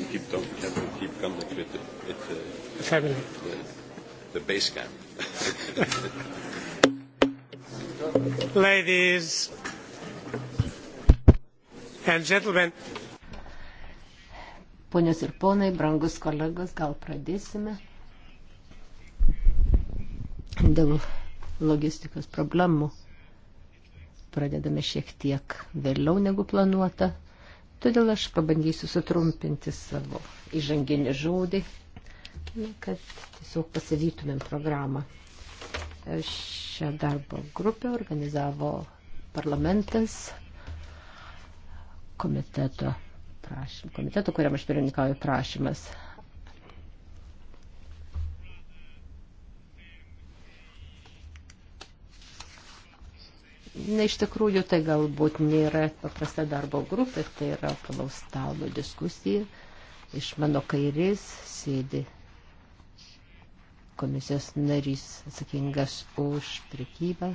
you keep talking, you have to keep coming with it. it uh, Family. The, the base camp. Ladies and gentlemen. Ponios ir ponai, brangus kolegos, gal pradėsime dėl logistikos problemų. Pradedame šiek tiek vėliau negu planuota. Todėl aš pabandysiu sutrumpinti savo įžanginį žodį, kad tiesiog pasivytumėm programą. Šią darbo grupę organizavo parlamentas, komiteto, prašym, komiteto kuriam aš pirmininkauju prašymas Na, iš tikrųjų, tai galbūt nėra paprasta darbo grupė, tai yra apalaus stalo diskusija. Iš mano kairės sėdi komisijos narys atsakingas už prekybą.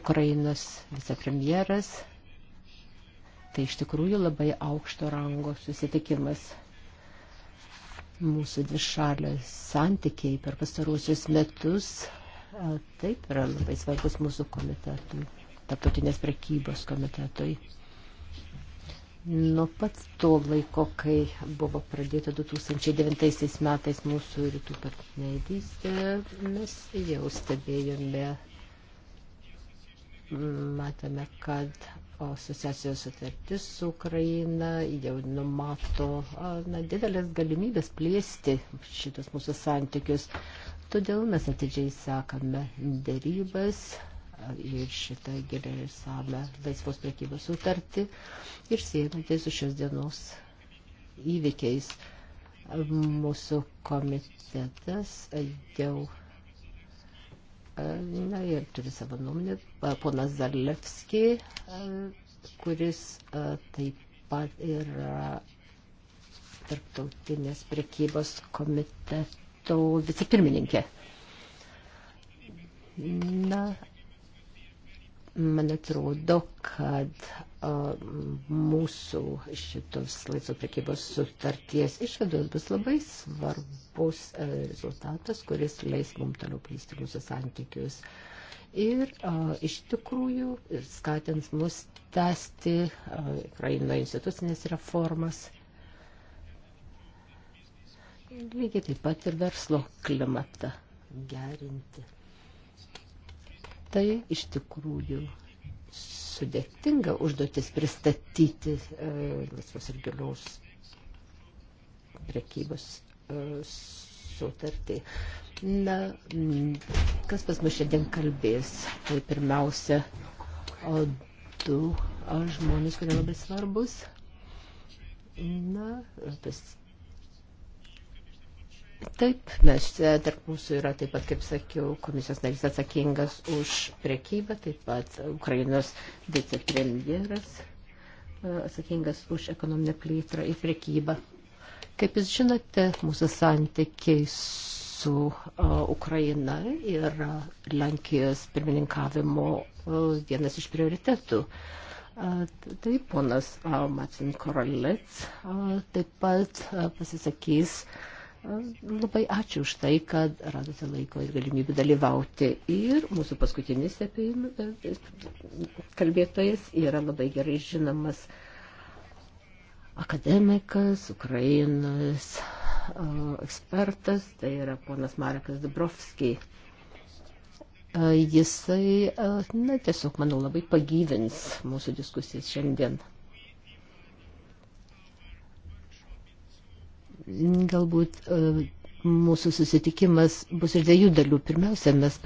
Ukrainos vicepremjeras. Tai iš tikrųjų labai aukšto rango susitikimas. Mūsų dvišalio santykiai per pastaruosius metus taip yra labai svarbus mūsų komitetui, tarptautinės prekybos komitetui. Nuo pat to laiko, kai buvo pradėta 2009 metais mūsų rytų partnerystė, mes jau stebėjome matome, kad asociacijos sutartis su Ukraina jau numato na, didelės galimybės plėsti šitos mūsų santykius. Todėl mes atidžiai sekame dėrybas ir šitą gilę ir samę laisvos prekybos sutartį ir siejame tai su šios dienos įvykiais. Mūsų komitetas jau E, na ir turi savo nuomonę e, ponas Zarlevski, e, kuris taip pat yra tarptautinės prekybos komiteto vicepirmininkė. Na, man atrodo, kad mūsų šitos laisvos prekybos sutarties išvados bus labai svarbus e, rezultatas, kuris leis mums toliau plėsti mūsų santykius. Ir a, iš tikrųjų skatins mus tęsti Ukraino institucinės reformas. Lygiai taip pat ir verslo klimatą gerinti. Tai iš tikrųjų sudėtinga užduotis pristatyti e, laisvos ir giliaus prekybos e, sutartį. Na, kas pas mus šiandien kalbės? Tai pirmiausia, o du o žmonės, kurie labai svarbus. Na, pas Taip, mes e, tarp mūsų yra taip pat, kaip sakiau, komisijos narys atsakingas už priekybą, taip pat Ukrainos vicepremjeras e, atsakingas už ekonominę plėtrą ir priekybą. Kaip jūs žinote, mūsų santykiai su uh, Ukraina yra Lenkijos pirmininkavimo uh, vienas iš prioritetų. Uh, tai ponas Martin Korolec taip pat pasisakys uh, Labai ačiū už tai, kad radote laiko ir galimybę dalyvauti. Ir mūsų paskutinis e, kalbėtojas yra labai gerai žinomas akademikas, Ukrainos e, ekspertas, tai yra ponas Marekas Dubrovskiai. E, jisai, na, tiesiog, manau, labai pagyvins mūsų diskusijas šiandien. Galbūt e, mūsų susitikimas bus iš dviejų dalių. Pirmiausia, mes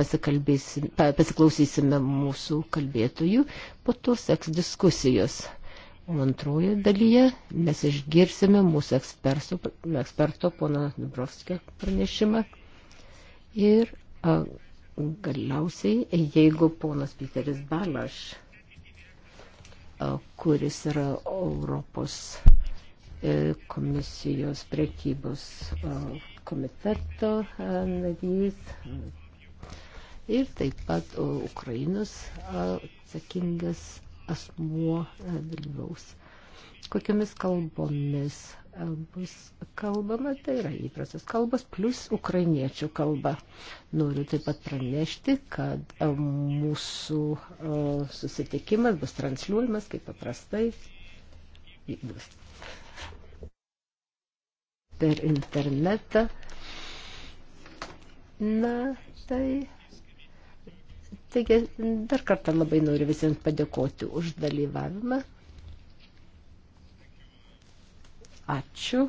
pasiklausysime mūsų kalbėtojų, po to seks diskusijos. O antroje dalyje mes išgirsime mūsų eksperto, eksperto pono Dubrovskio pranešimą. Ir a, galiausiai, jeigu ponas Piteris Balaš, a, kuris yra Europos E, komisijos prekybos e, komiteto e, narys ir taip pat Ukrainos atsakingas asmuo dalyvaus. Kokiomis kalbomis bus kalbama, tai yra įprastas kalbas, plus ukrainiečių kalba. Noriu taip pat pranešti, kad mūsų susitikimas bus transliuojamas kaip paprastai. Bus per internetą. Na, tai. Taigi, dar kartą labai noriu visiems padėkoti už dalyvavimą. Ačiū,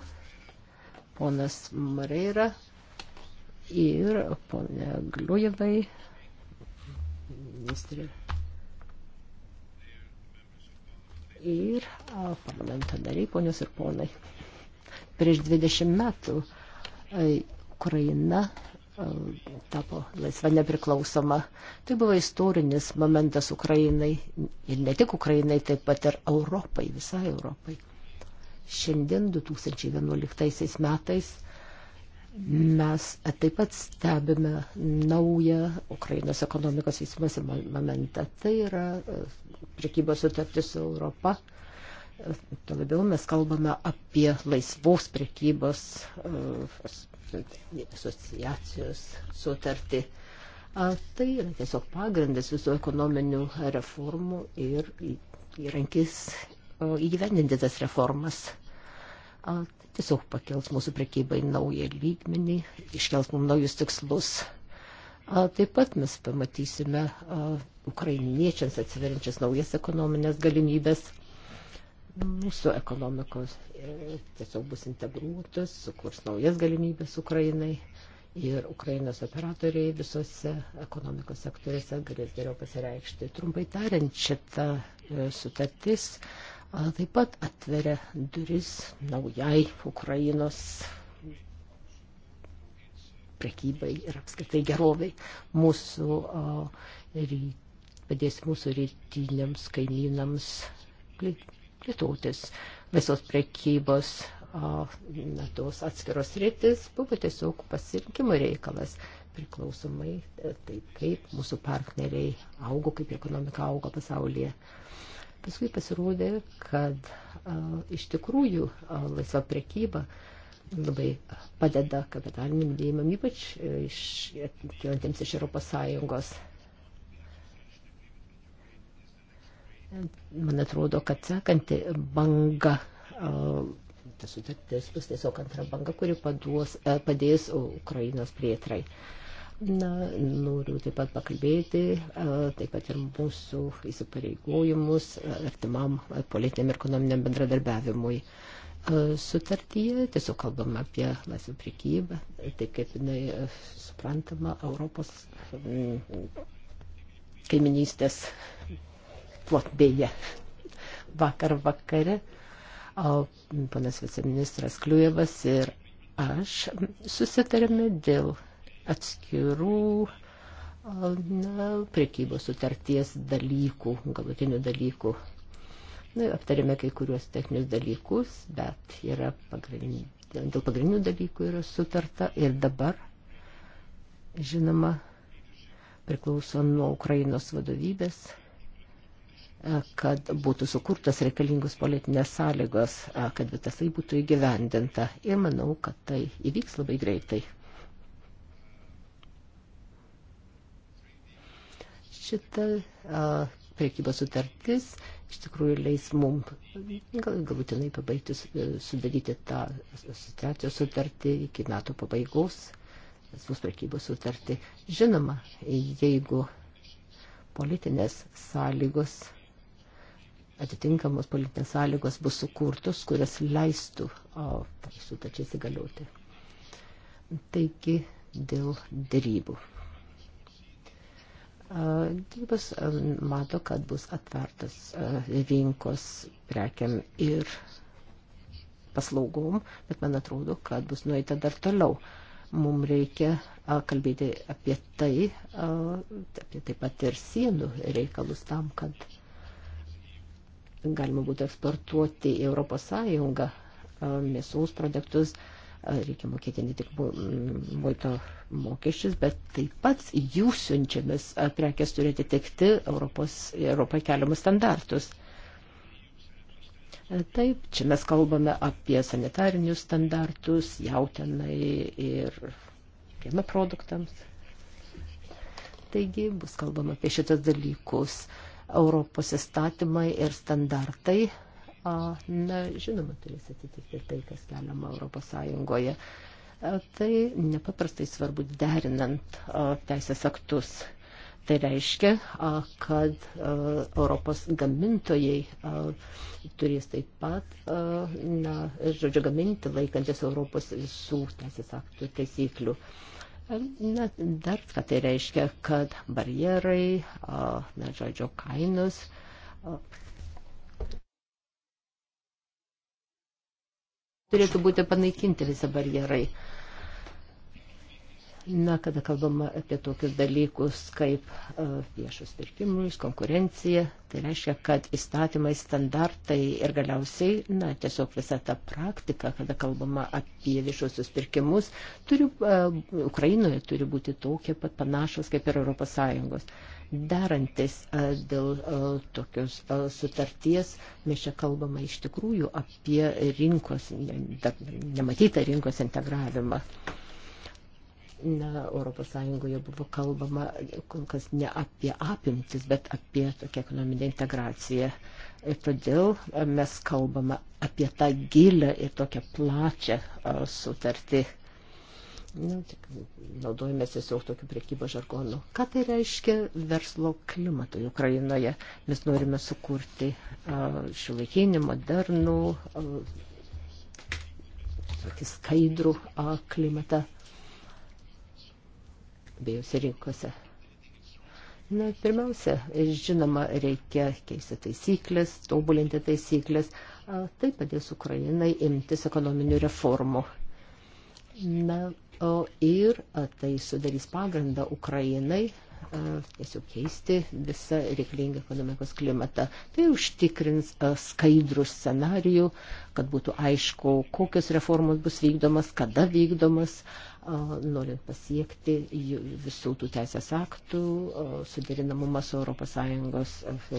ponas Mareira ir ponė Gliujevai, ministrė. Ir parlamento nariai, ponios ir ponai. Prieš 20 metų e, Ukraina e, tapo laisva nepriklausoma. Tai buvo istorinis momentas Ukrainai ir ne tik Ukrainai, taip pat ir Europai, visai Europai. Šiandien 2011 metais mes taip pat stebime naują Ukrainos ekonomikos vystimas momentą. Tai yra e, priekybos sutartis su Europa Tuo labiau mes kalbame apie laisvos prekybos e, asociacijos sutartį. Tai yra tiesiog pagrindas visų ekonominių reformų ir įrankis įgyvendinti tas reformas. Tai tiesiog pakels mūsų prekybai naują lygmenį, iškels mums naujus tikslus. Taip pat mes pamatysime ukrainiečiams atsiverinčias naujas ekonominės galimybės mūsų ekonomikos e, tiesiog bus integruotas, sukurs naujas galimybės Ukrainai ir Ukrainos operatoriai visose ekonomikos sektoriuose galės geriau pasireikšti. Trumpai tariant, šita e, sutartis taip pat atveria duris naujai Ukrainos prekybai ir apskritai geroviai mūsų padės mūsų rytiniams kaimynams plėtotis visos prekybos na, tos atskiros rytis buvo tiesiog pasirinkimo reikalas priklausomai e, taip, kaip mūsų partneriai augo, kaip ekonomika augo pasaulyje. Paskui pasirodė, kad a, iš tikrųjų a, laisva prekyba labai padeda kapitaliniam dėjimam, ypač iš, atėjantiems e, iš Europos Sąjungos. Man atrodo, kad sekanti banga, tas sutartis bus tiesiog antra banga, kuri paduos, e, padės Ukrainos plėtrai. Na, noriu taip pat pakalbėti, taip pat ir mūsų įsipareigojimus artimam politiniam ir ekonominiam bendradarbiavimui sutartyje, tiesiog kalbam apie laisvą priekybą, tai kaip jinai e, suprantama Europos kaiminystės plotmėje. Vakar vakare panas viceministras Kliujevas ir aš susitarėme dėl atskirų na, priekybos sutarties dalykų, galutinių dalykų. Na, aptarėme kai kuriuos techninius dalykus, bet yra pagrindinė. Dėl pagrindinių dalykų yra sutarta ir dabar, žinoma, priklauso nuo Ukrainos vadovybės kad būtų sukurtos reikalingos politinės sąlygos, kad visas tai būtų įgyvendinta. Ir manau, kad tai įvyks labai greitai. Šita a, priekybos sutartis iš tikrųjų leis mum gal, galutinai pabaigti, e, sudaryti tą asociacijos sutartį iki metų pabaigos, nes bus priekybos sutartį. Žinoma, jeigu politinės sąlygos atitinkamos politinės sąlygos bus sukurtos, kurios leistų tai sutačiai įsigalioti. Taigi dėl dėrybų. Dėrybos mato, kad bus atvertas rinkos prekiam ir paslaugom, bet man atrodo, kad bus nueita dar toliau. Mums reikia a, kalbėti apie tai, a, apie taip pat ir sienų reikalus tam, kad galima būtų eksportuoti į Europos Sąjungą mėsos produktus, reikia mokėti ne tik muito mokesčius, bet taip pat jų siunčiamis prekes turi atitikti Europos, Europai keliamus standartus. Taip, čia mes kalbame apie sanitarinius standartus, jautenai ir pieno produktams. Taigi bus kalbama apie šitas dalykus. Uh, Europos įstatymai ir standartai, na, žinoma, turės atitikti tai, kas keliama Europos Sąjungoje. Tai nepaprastai svarbu derinant teisės aktus. Tai reiškia, kad Europos gamintojai turės taip pat, na, žodžiu, gaminti laikantis Europos visų teisės aktų taisyklių. Na, dar ką tai reiškia, kad barjerai, na, žodžio kainos. Turėtų būti panaikinti visi barjerai. Na, kada kalbama apie tokius dalykus kaip e, viešus pirkimus, konkurencija, tai reiškia, kad įstatymai, standartai ir galiausiai, na, tiesiog visa ta praktika, kada kalbama apie viešusius pirkimus, turi, uh, Ukrainoje turi būti tokie pat panašus kaip ir ES darantis e, dėl tokios sutarties, mes čia kalbame iš tikrųjų apie rinkos, nematytą rinkos integravimą. Na, Europos Sąjungoje buvo kalbama kol kas ne apie apimtis, bet apie tokią ekonominę integraciją. Ir todėl e, mes kalbame apie tą gilę ir tokią plačią e, sutartį. Na, tik naudojame tiesiog tokiu priekybo žargonu. Ką tai reiškia verslo klimatui Ukrainoje? Mes norime sukurti e, šiuolaikinį, modernų, tokį skaidrų klimatą abiejose rinkose. Na, pirmiausia, žinoma, reikia keisti taisyklės, tobulinti taisyklės. Tai padės Ukrainai imtis ekonominių reformų. Na, o ir tai sudarys pagrindą Ukrainai tiesiog keisti visą reikalingą ekonomikos klimatą. Tai užtikrins skaidrų scenarijų, kad būtų aišku, kokios reformos bus vykdomas, kada vykdomas, norint pasiekti visų tų teisės aktų, suderinamumą su ES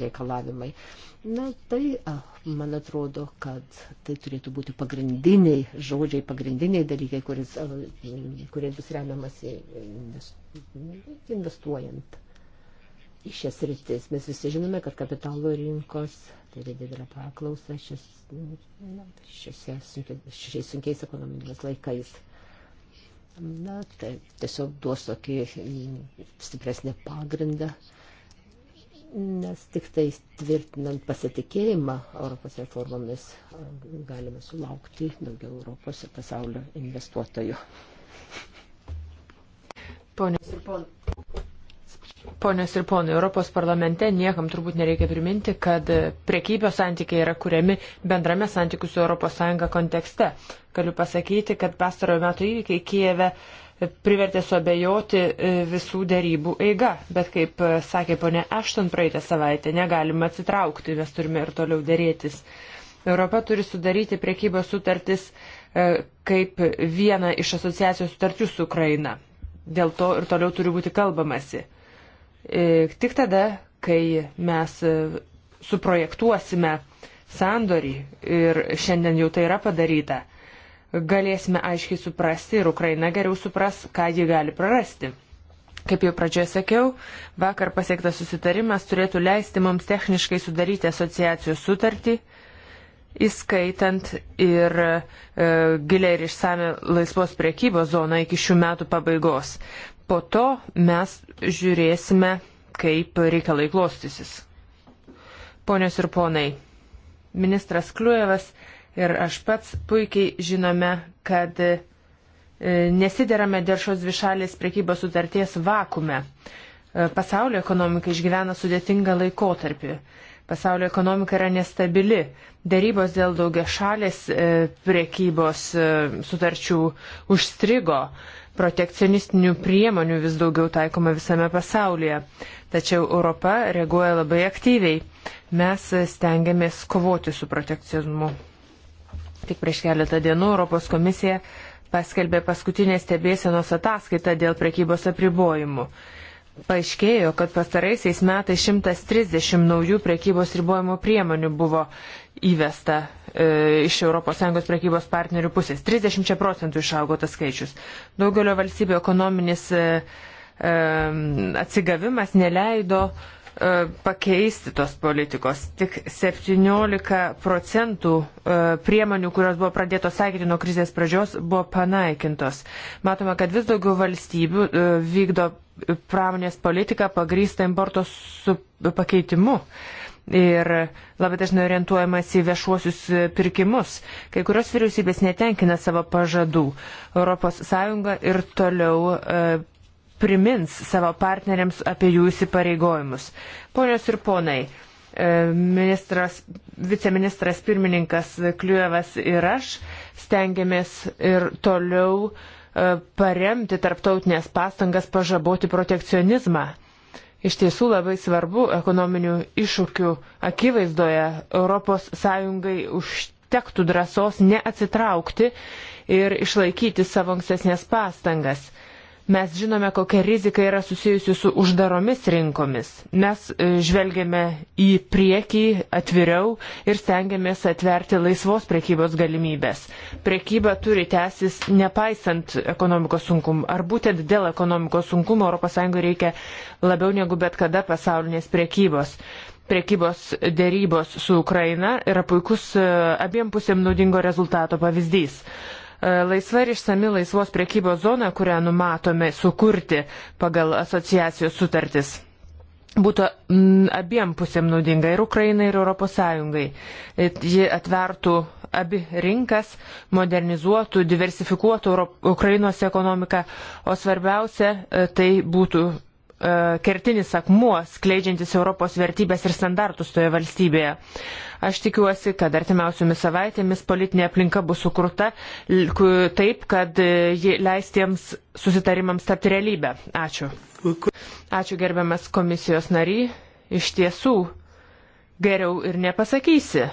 reikalavimai. Na, tai, man atrodo, kad tai turėtų būti pagrindiniai žodžiai, pagrindiniai dalykai, kuris, kurie bus remiamas investuojant į šias rytis. Mes visi žinome, kad kapitalo rinkos turi didelę paklausą šiais sunkiais ekonominiais laikais na, tai tiesiog duos tokį stipresnį pagrindą, nes tik tai tvirtinant pasitikėjimą Europos reformomis galime sulaukti daugiau Europos ir pasaulio investuotojų. Ponios ir ponai. Ponios ir ponai, Europos parlamente niekam turbūt nereikia priminti, kad priekybės santykiai yra kuriami bendrame santykių su ES kontekste. Galiu pasakyti, kad pastarojo metų įvykiai Kijeve privertė suabejoti e, visų dėrybų eiga, bet kaip e, sakė ponė Ashton praeitą savaitę, negalima atsitraukti, mes turime ir toliau dėrėtis. Europa turi sudaryti priekybos sutartis e, kaip vieną iš asociacijos sutarčių su Ukraina. Dėl to ir toliau turi būti kalbamasi E, tik tada, kai mes e, suprojektuosime sandorį ir šiandien jau tai yra padaryta, galėsime aiškiai suprasti ir Ukraina geriau supras, ką ji gali prarasti. Kaip jau pradžioje sakiau, vakar pasiektas susitarimas turėtų leisti mums techniškai sudaryti asociacijos sutartį, įskaitant ir e, giliai ir išsame laisvos priekybos zoną iki šių metų pabaigos po to mes žiūrėsime, kaip reikalai klostysis. Ponios ir ponai, ministras Kliujevas ir aš pats puikiai žinome, kad e, nesiderame dėl šios dvišalės priekybos sutarties vakume. E, pasaulio ekonomika išgyvena sudėtingą laikotarpį. Pasaulio ekonomika yra nestabili. Darybos dėl daugia šalės e, priekybos sutarčių užstrigo. Protekcionistinių priemonių vis daugiau taikoma visame pasaulyje, tačiau Europa reaguoja labai aktyviai. Mes stengiamės kovoti su protekcionizmu. Tik prieš keletą dienų Europos komisija paskelbė paskutinę stebėsenos ataskaitą dėl prekybos apribojimų paaiškėjo, kad pastaraisiais metais 130 naujų prekybos ribojimo priemonių buvo įvesta e, iš ES prekybos partnerių pusės. 30 procentų išaugo tas skaičius. Daugelio valstybių ekonominis e, e, atsigavimas neleido e, E, pakeisti tos politikos. Tik 17 procentų e, priemonių, kurios buvo pradėtos taikyti nuo krizės pradžios, buvo panaikintos. Matome, kad vis daugiau valstybių e, vykdo pramonės politiką pagrįstą importo su pakeitimu. Ir labai dažnai orientuojamas į viešuosius pirkimus. Kai kurios vyriausybės netenkina savo pažadų. ES ir toliau primins savo partneriams apie jų įsipareigojimus. Ponios ir ponai, e, ministras, viceministras pirmininkas Kliuevas ir aš stengiamės ir toliau e, paremti tarptautinės pastangas pažaboti protekcionizmą. Iš tiesų labai svarbu ekonominių iššūkių akivaizdoje ES užtektų drąsos neatsitraukti ir išlaikyti savo ankstesnės pastangas. Mes žinome, kokia rizika yra susijusi su uždaromis rinkomis. Mes e, žvelgiame į priekį atviriau ir stengiamės atverti laisvos priekybos galimybės. Priekyba turi tęsis nepaisant ekonomikos sunkumų. Ar būtent dėl ekonomikos sunkumų ES reikia labiau negu bet kada pasaulinės priekybos priekybos dėrybos su Ukraina yra puikus e, abiem pusėm naudingo rezultato pavyzdys. E, laisva ir išsami laisvos priekybos zona, kurią numatome sukurti pagal asociacijos sutartis, būtų abiem pusėm naudinga ir Ukrainai, ir ES. E, ji atvertų abi rinkas, modernizuotų, diversifikuotų Ukrainos ekonomiką, o svarbiausia, e, tai būtų E, kertinis akmuo skleidžiantis Europos vertybės ir standartus toje valstybėje. Aš tikiuosi, kad artimiausiomis savaitėmis politinė aplinka bus sukurta taip, kad e, ji leis tiems susitarimams tapti realybę. Ačiū. Ačiū gerbiamas komisijos nary. Iš tiesų, geriau ir nepasakysi.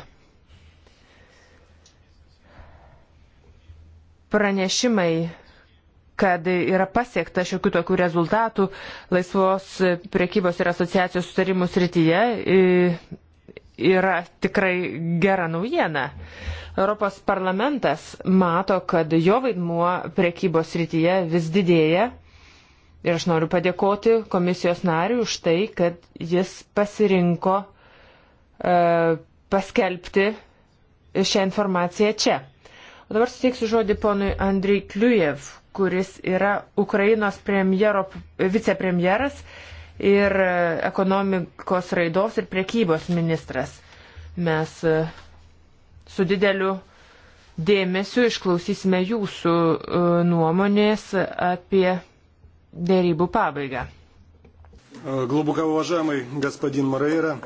Pranešimai kad yra pasiekta šiokių tokių rezultatų laisvos priekybos ir asociacijos sutarimų srityje yra tikrai gera naujiena. Europos parlamentas mato, kad jo vaidmuo priekybos srityje vis didėja. Ir aš noriu padėkoti komisijos nariui už tai, kad jis pasirinko e, paskelbti šią informaciją čia. O dabar suteiksiu žodį ponui Andrei Kliujev, kuris yra Ukrainos vicepremjeras ir ekonomikos raidos ir priekybos ministras. Mes e, su dideliu dėmesiu išklausysime jūsų e, nuomonės apie dėrybų pabaigą. E, Глубоко уважаемый господин Морейра.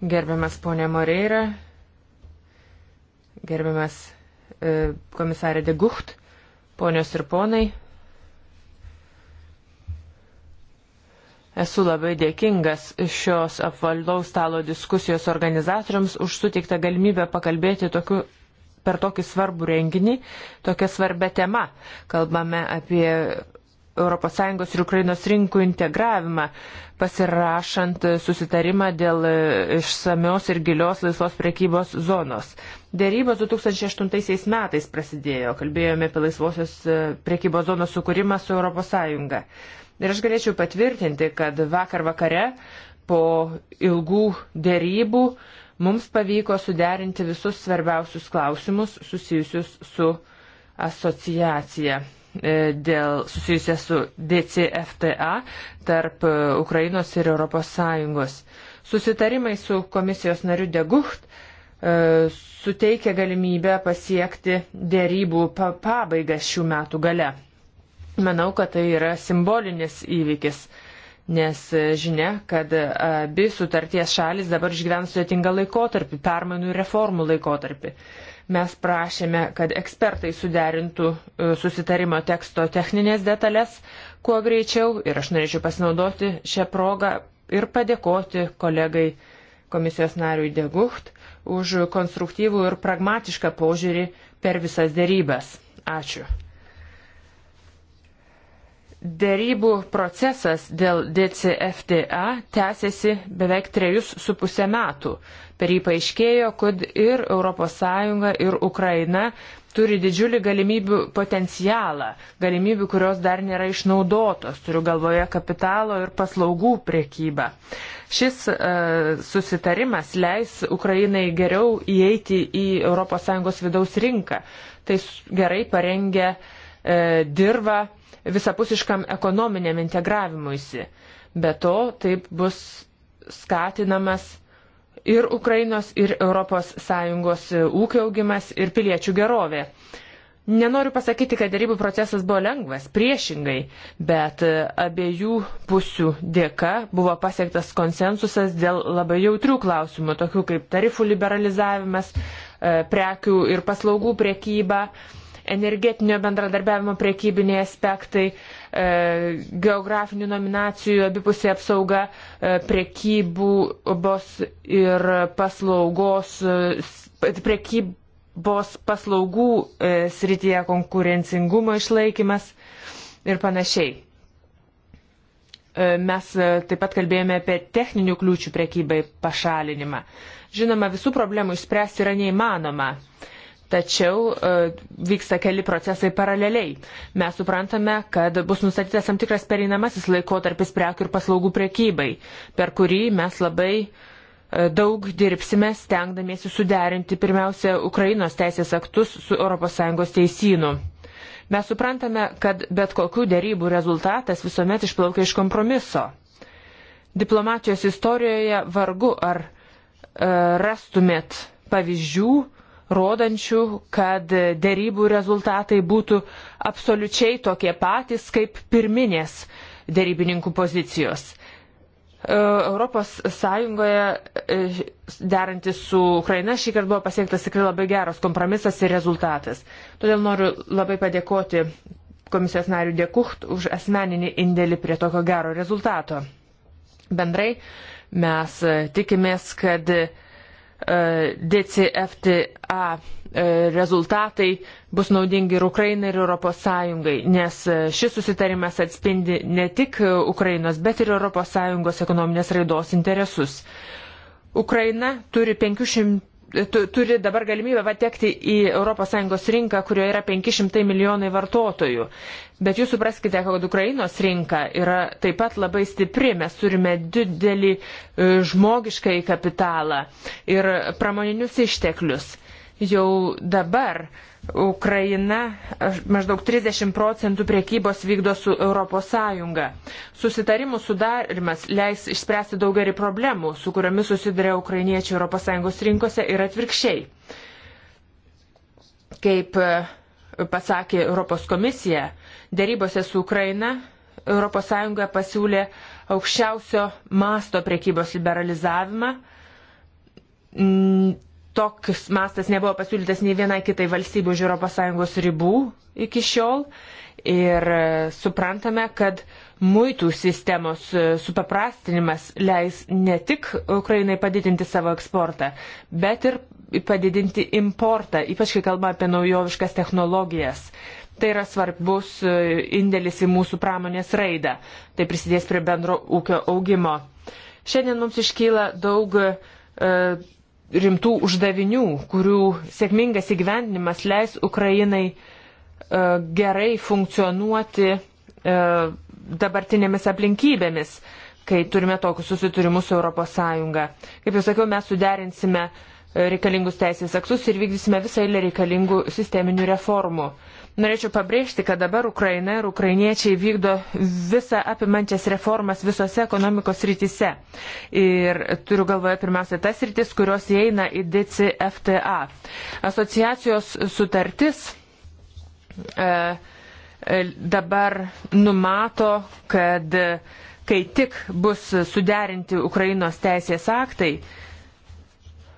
Gerbiamas ponė Moreira, gerbiamas e, komisarė De Gucht, Ponios ir ponai, esu labai dėkingas šios apvaldaus stalo diskusijos organizatoriams už suteiktą galimybę pakalbėti tokiu per tokį svarbų renginį, tokia svarbia tema. Kalbame apie ES ir Ukrainos rinkų integravimą, pasirašant susitarimą dėl išsamios ir gilios laisvos prekybos zonos. Dėrybos 2008 metais prasidėjo, kalbėjome apie laisvosios e, prekybos zonos sukūrimą su ES. Ir aš galėčiau patvirtinti, kad vakar vakare po ilgų dėrybų mums pavyko suderinti visus svarbiausius klausimus susijusius su asociacija. E, dėl susijusią su DCFTA tarp e, Ukrainos ir ES. Susitarimai su komisijos nariu Degucht e, suteikia galimybę pasiekti dėrybų pabaigą šių metų gale. Manau, kad tai yra simbolinis įvykis, nes žinia, kad abi sutarties šalis dabar išgyvens sudėtingą laikotarpį, permainų ir reformų laikotarpį. Mes prašėme, kad ekspertai suderintų e, susitarimo teksto techninės detalės kuo greičiau ir aš norėčiau pasinaudoti šią progą ir padėkoti kolegai komisijos nariui Degucht už konstruktyvų ir pragmatišką požiūrį per visas dėrybas. Ačiū. Dėrybų procesas dėl DCFTA tęsiasi beveik trejus su pusę metų. Per jį paaiškėjo, kad ir ES, ir Ukraina turi didžiulį galimybių potencialą, galimybių, kurios dar nėra išnaudotos, turiu galvoje kapitalo ir paslaugų priekybą. Šis e, susitarimas leis Ukrainai geriau įeiti į ES vidaus rinką. Tai gerai parengia e, dirbą visapusiškam ekonominiam integravimuisi. Be to, taip bus skatinamas ir Ukrainos, ir ES e, ūkio augimas, ir piliečių gerovė. Nenoriu pasakyti, kad darybų procesas buvo lengvas, priešingai, bet e, abiejų pusių dėka buvo pasiektas konsensusas dėl labai jautrių klausimų, tokių kaip tarifų liberalizavimas, e, prekių ir paslaugų priekyba, energetinio bendradarbiavimo priekybiniai aspektai, e, geografinių nominacijų abipusė apsauga, e, priekybos ir paslaugos, e, priekybos paslaugų srityje konkurencingumo išlaikymas ir panašiai. Mes taip pat kalbėjome apie techninių kliūčių priekybai pašalinimą. Žinoma, visų problemų išspręsti yra neįmanoma. Tačiau e, vyksta keli procesai paraleliai. Mes suprantame, kad bus nustatytas tam tikras pereinamasis laikotarpis prekių ir paslaugų priekybai, per kurį mes labai e, daug dirbsime, stengdamiesi suderinti pirmiausia Ukrainos teisės aktus su ES teisynu. Mes suprantame, kad bet kokių dėrybų rezultatas visuomet išplaukia iš kompromiso. Diplomatijos istorijoje vargu ar e, rastumėt pavyzdžių, rodančių, kad dėrybų rezultatai būtų absoliučiai tokie patys kaip pirminės dėrybininkų pozicijos. E, Europos Sąjungoje e, derantis su Ukraina šį kartą buvo pasiektas tikrai labai geras kompromisas ir rezultatas. Todėl noriu labai padėkoti komisijos narių Dekucht už asmeninį indėlį prie tokio gero rezultato. Bendrai mes e, tikimės, kad uh, E, DCFTA e, rezultatai bus naudingi ir Ukrainai, ir Europos Sąjungai, nes e, šis susitarimas atspindi ne tik Ukrainos, bet ir Europos Sąjungos ekonominės raidos interesus. Ukraina turi 500 turi dabar galimybę patekti į ES rinką, kurioje yra 500 milijonai vartotojų. Bet jūs supraskite, kad Ukrainos rinka yra taip pat labai stipri, mes turime didelį e, žmogišką į kapitalą ir pramoninius išteklius. Jau dabar uh, Ukraina maždaug 30 procentų priekybos vykdo su ES. Susitarimų sudarimas leis išspręsti daugelį problemų, su kuriomis susiduria ukrainiečiai ES rinkose ir atvirkščiai. Kaip e, pasakė Europos komisija, dėrybose su Ukraina ES pasiūlė aukščiausio masto priekybos liberalizavimą toks mastas nebuvo pasiūlytas nei vienai kitai valstybei už ES ribų iki šiol. Ir e, suprantame, kad muitų sistemos e, supaprastinimas leis ne tik Ukrainai padidinti savo eksportą, bet ir padidinti importą, ypač kai kalba apie naujoviškas technologijas. Tai yra svarbus e, indėlis į mūsų pramonės raidą. Tai prisidės prie bendro ūkio augimo. Šiandien mums iškyla daug e, rimtų uždavinių, kurių sėkmingas įgyvendinimas leis Ukrainai e, gerai funkcionuoti e, dabartinėmis aplinkybėmis, kai turime tokius susiturimus su ES. Kaip jau sakiau, mes suderinsime e, reikalingus teisės aktus ir vykdysime visą eilę reikalingų sisteminių reformų. Norėčiau pabrėžti, kad dabar Ukraina ir ukrainiečiai vykdo visą apimančias reformas visose ekonomikos rytise. Ir turiu galvoje pirmiausia tas rytis, kurios įeina į DCFTA. Asociacijos sutartis. E, e, dabar numato, kad kai tik bus suderinti Ukrainos teisės aktai,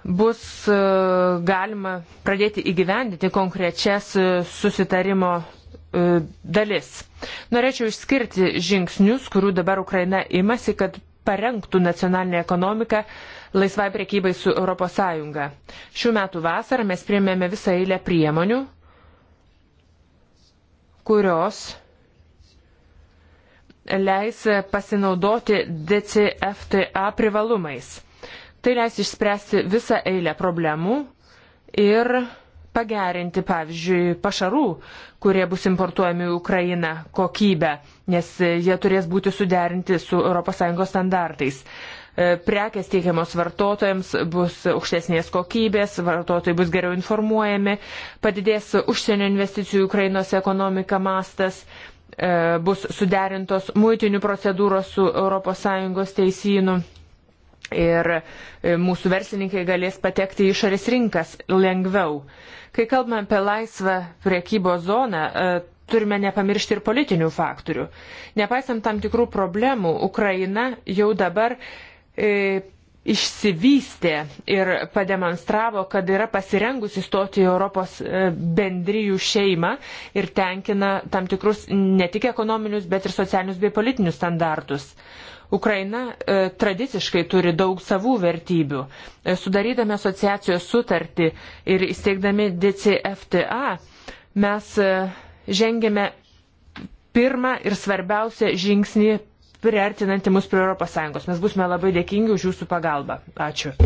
bus e, galima pradėti įgyvendinti konkrečias e, susitarimo e, dalis. Norėčiau išskirti žingsnius, kurių dabar Ukraina imasi, kad parengtų nacionalinę ekonomiką laisvai priekybai su ES. Šių metų vasarą mes priėmėme visą eilę priemonių, kurios leis pasinaudoti DCFTA privalumais Tai leis išspręsti visą eilę problemų ir pagerinti, pavyzdžiui, pašarų, kurie bus importuojami į Ukrainą kokybę, nes jie turės būti suderinti su ES standartais. E, prekės teikiamos vartotojams bus aukštesnės kokybės, vartotojai bus geriau informuojami, padidės užsienio investicijų Ukrainos ekonomika mastas, e, bus suderintos muitinių procedūros su ES teisynu ir e, mūsų verslininkai galės patekti į išorės rinkas lengviau. Kai kalbame apie laisvą priekybos zoną, e, turime nepamiršti ir politinių faktorių. Nepaisant tam tikrų problemų, Ukraina jau dabar e, išsivystė ir pademonstravo, kad yra pasirengusi stoti į Europos e, bendryjų šeimą ir tenkina tam tikrus ne tik ekonominius, bet ir socialinius bei politinius standartus. E, Ukraina e, tradiciškai turi daug savų vertybių. E, sudarydami asociacijos sutartį ir įsteigdami DCFTA mes e, žengėme pirmą ir svarbiausią žingsnį priartinantį mus prie ES. Mes būsime labai dėkingi už jūsų pagalbą. Ačiū.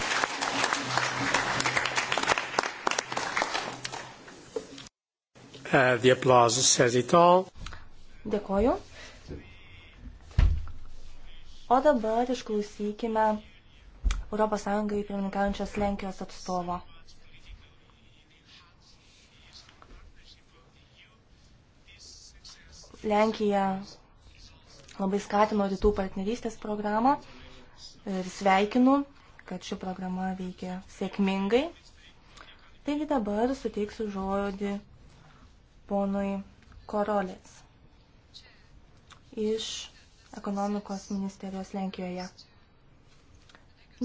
Uh, Dėkoju. O dabar išklausykime ES pirmininkaujančios Lenkijos atstovo. Lenkija labai skatino rytų partnerystės programą ir sveikinu, kad ši programa veikia sėkmingai. Taigi dabar suteiksiu žodį ponui Korolės iš ekonomikos ministerijos Lenkijoje.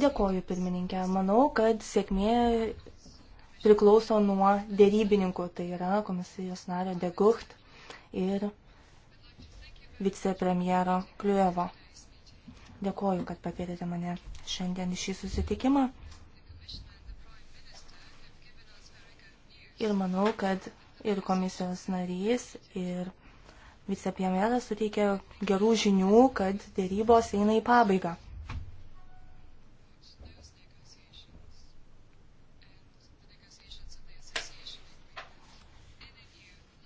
Dėkoju, pirmininkė. Manau, kad sėkmė priklauso nuo dėrybininkų, tai yra komisijos nario Degucht ir vicepremjero Kliuevo. Dėkoju, kad pakvietėte mane šiandien į šį susitikimą. Ir manau, kad ir komisijos narys, ir vicepremjeras suteikė gerų žinių, kad dėrybos eina į pabaigą.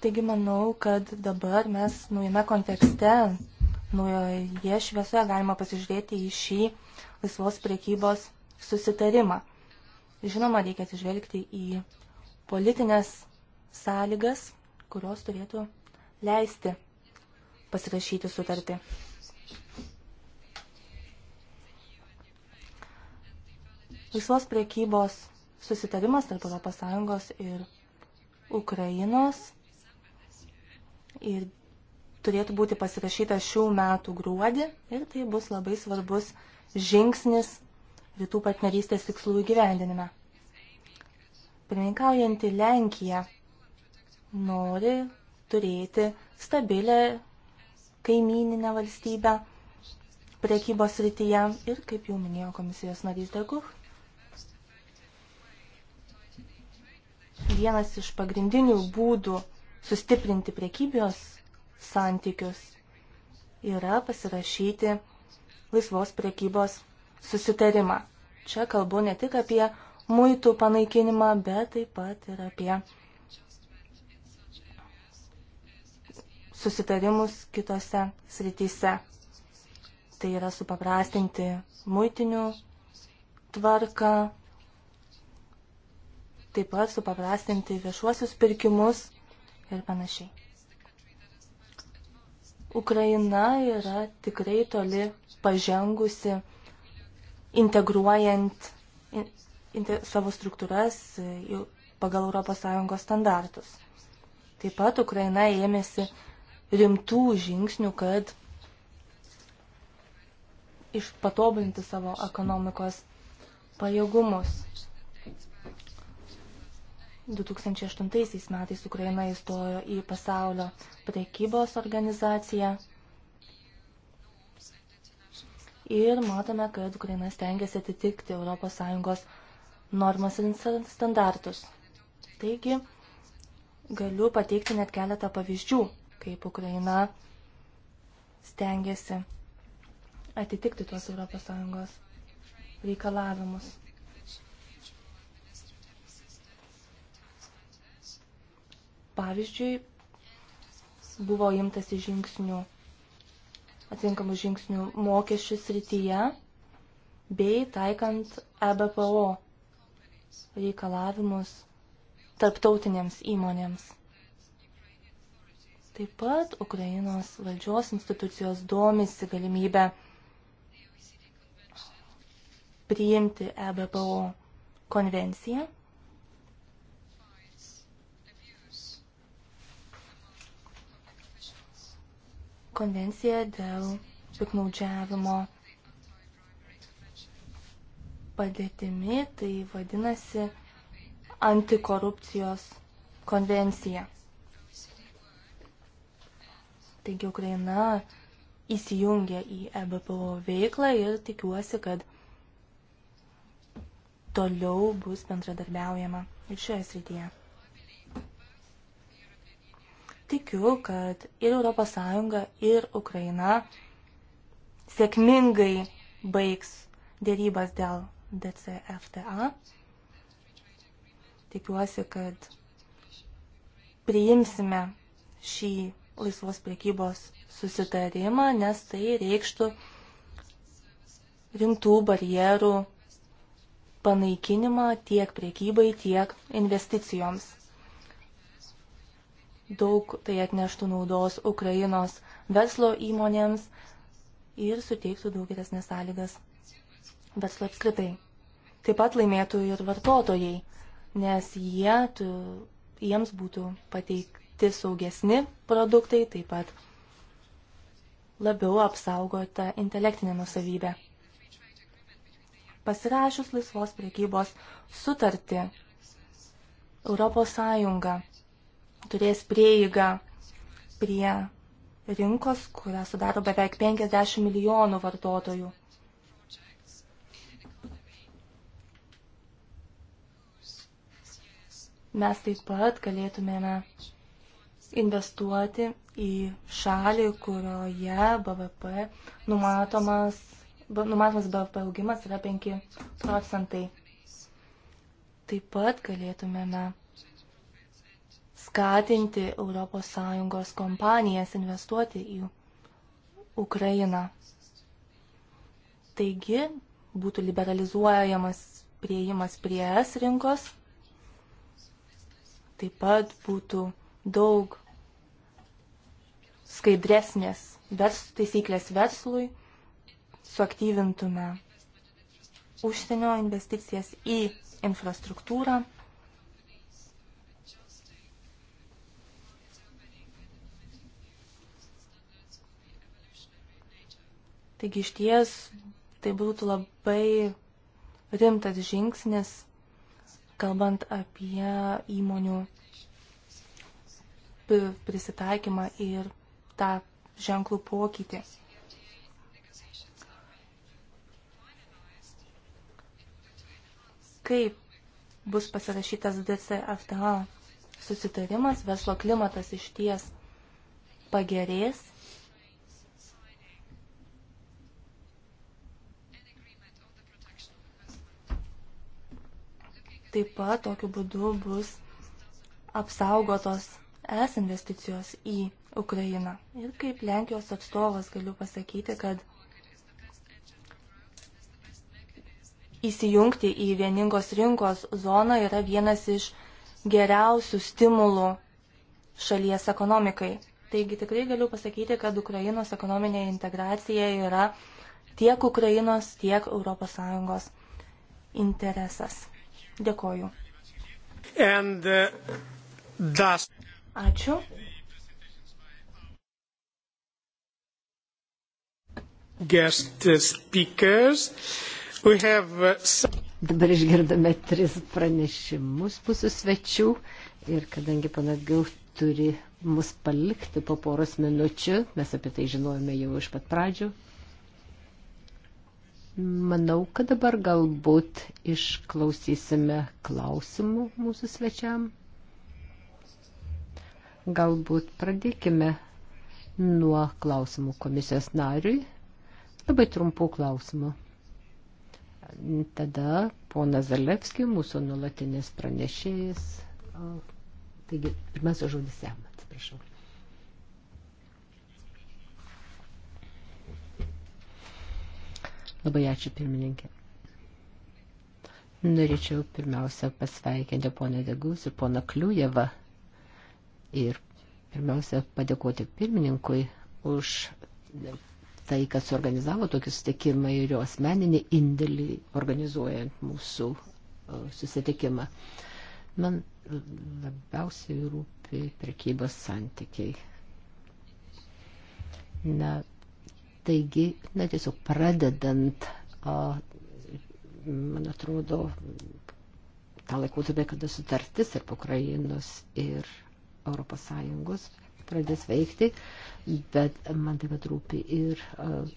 Taigi manau, kad dabar mes naujame kontekste, naujoje šviesoje galima pasižiūrėti į šį laisvos priekybos susitarimą. Žinoma, reikia atsižvelgti į politinės sąlygas, kurios turėtų leisti pasirašyti sutartį. Laisvos priekybos susitarimas tarp ES ir Ukrainos ir turėtų būti pasirašyta šių metų gruodį ir tai bus labai svarbus žingsnis rytų partnerystės tikslų įgyvendinime. Pirmininkaujanti Lenkija nori turėti stabilę kaimininę valstybę priekybos rytyje ir, kaip jau minėjo komisijos narys Deguch, vienas iš pagrindinių būdų sustiprinti priekybos santykius yra pasirašyti laisvos priekybos susitarimą. Čia kalbu ne tik apie muitų panaikinimą, bet taip pat ir apie susitarimus kitose srityse. Tai yra supaprastinti muitinių tvarką, taip pat supaprastinti viešuosius pirkimus ir panašiai. Ukraina yra tikrai toli pažengusi integruojant savo struktūras pagal ES standartus. Taip pat Ukraina ėmėsi rimtų žingsnių, kad išpatobulinti savo ekonomikos pajėgumus. 2008 metais Ukraina įstojo į pasaulio prekybos organizaciją. Ir matome, kad Ukraina stengiasi atitikti ES normas ir standartus. Taigi, galiu pateikti net keletą pavyzdžių kaip Ukraina stengiasi atitikti tuos ES reikalavimus. Pavyzdžiui, buvo imtasi žingsnių, atsinkamų žingsnių mokesčių srityje bei taikant EBPO reikalavimus tarptautinėms įmonėms. Taip pat Ukrainos valdžios institucijos domisi galimybę priimti EBPO konvenciją. Konvencija dėl piknaudžiavimo padėtimi, tai vadinasi antikorupcijos konvencija. Taigi Ukraina įsijungia į EBPO veiklą ir tikiuosi, kad toliau bus bendradarbiaujama ir šioje srityje. Tikiu, kad ir ES, ir Ukraina sėkmingai baigs dėrybas dėl DCFTA. Tikiuosi, kad priimsime šį laisvos priekybos susitarimą, nes tai reikštų rimtų barjerų panaikinimą tiek priekybai, tiek investicijoms. Daug tai atneštų naudos Ukrainos verslo įmonėms ir suteiktų daug geresnės sąlygas verslo apskritai. Taip pat laimėtų ir vartotojai, nes jie, tu, jiems būtų pateik, kiti saugesni produktai taip pat labiau apsaugota intelektinė nusavybė. Pasirašius laisvos priekybos sutartį, ES turės prieigą prie rinkos, kurią sudaro beveik 50 milijonų vartotojų. Mes taip pat galėtumėme investuoti į šalį, kurioje BVP numatomas, numatomas BVP augimas yra 5 procentai. Taip pat galėtumėme skatinti ES kompanijas investuoti į Ukrainą. Taigi būtų liberalizuojamas prieimas prie S rinkos, taip pat būtų daug skaidresnės vers, taisyklės verslui, suaktyvintume užsienio investicijas į infrastruktūrą. Taigi iš ties tai būtų labai rimtas žingsnis, kalbant apie įmonių prisitaikymą ir tą ženklų pokytį. Kaip bus pasirašytas DCFTA susitarimas, verslo klimatas iš ties pagerės. Taip pat tokiu būdu bus apsaugotos es investicijos į Ukrainą. Ir kaip Lenkijos atstovas galiu pasakyti, kad įsijungti į vieningos rinkos zoną yra vienas iš geriausių stimulų šalies ekonomikai. Taigi tikrai galiu pasakyti, kad Ukrainos ekonominė integracija yra tiek Ukrainos, tiek ES interesas. Dėkoju. And, uh, das... Ačiū. Guest uh, speakers. We have... Uh, dabar išgirdome tris pranešimus mūsų svečių ir kadangi panas Gau turi mus palikti po poros minučių, mes apie tai žinojome jau iš pat pradžių. Manau, kad dabar galbūt išklausysime klausimų mūsų svečiam. Galbūt pradėkime nuo klausimų komisijos nariui. Labai trumpų klausimų. Tada ponas Zalevski, mūsų nulatinės pranešėjas. Taigi, pirmiausia žodis jam, atsiprašau. Labai ačiū pirmininkė. Norėčiau pirmiausia pasveikinti poną Degus ir poną Kliujevą ir pirmiausia padėkoti pirmininkui už tai, kad suorganizavo tokį susitikimą ir jo asmeninį indėlį organizuojant mūsų e, susitikimą. Man labiausiai rūpi prekybos santykiai. Na, taigi, na, tiesiog pradedant, a, man atrodo, tą laikotarpį, kada sutartis tarp Ukrainos ir ES pradės veikti, bet man taip pat rūpi ir uh,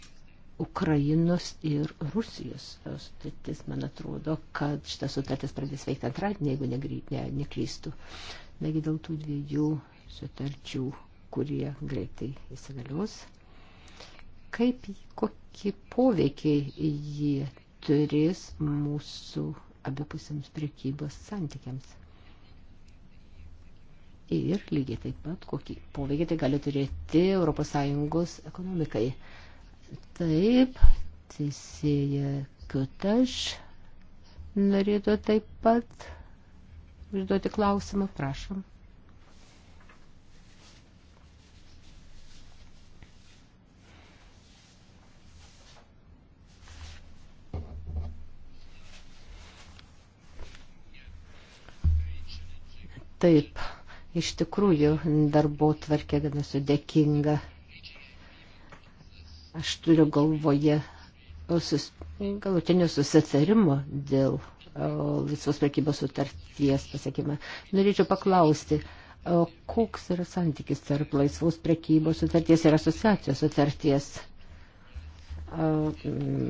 Ukrainos ir Rusijos e, sutartis, man atrodo, kad šitas sutartis pradės veikti antradienį, jeigu negry, ne, neklystų. Negi dėl tų dviejų sutarčių, kurie greitai įsigalios, kaip, kokį poveikį jie turės mūsų abipusėms priekybos santykiams ir lygiai taip pat kokį poveikį tai gali turėti ES ekonomikai. Taip, teisėja Kutaš norėtų taip pat užduoti klausimą, prašom. Taip. Iš tikrųjų, darbo tvarkė gana sudėkinga. Aš turiu galvoje sus, galutinio susitarimo dėl laisvos prekybos sutarties pasiekime. Norėčiau paklausti, o, koks yra santykis tarp laisvos prekybos sutarties ir asociacijos sutarties? O,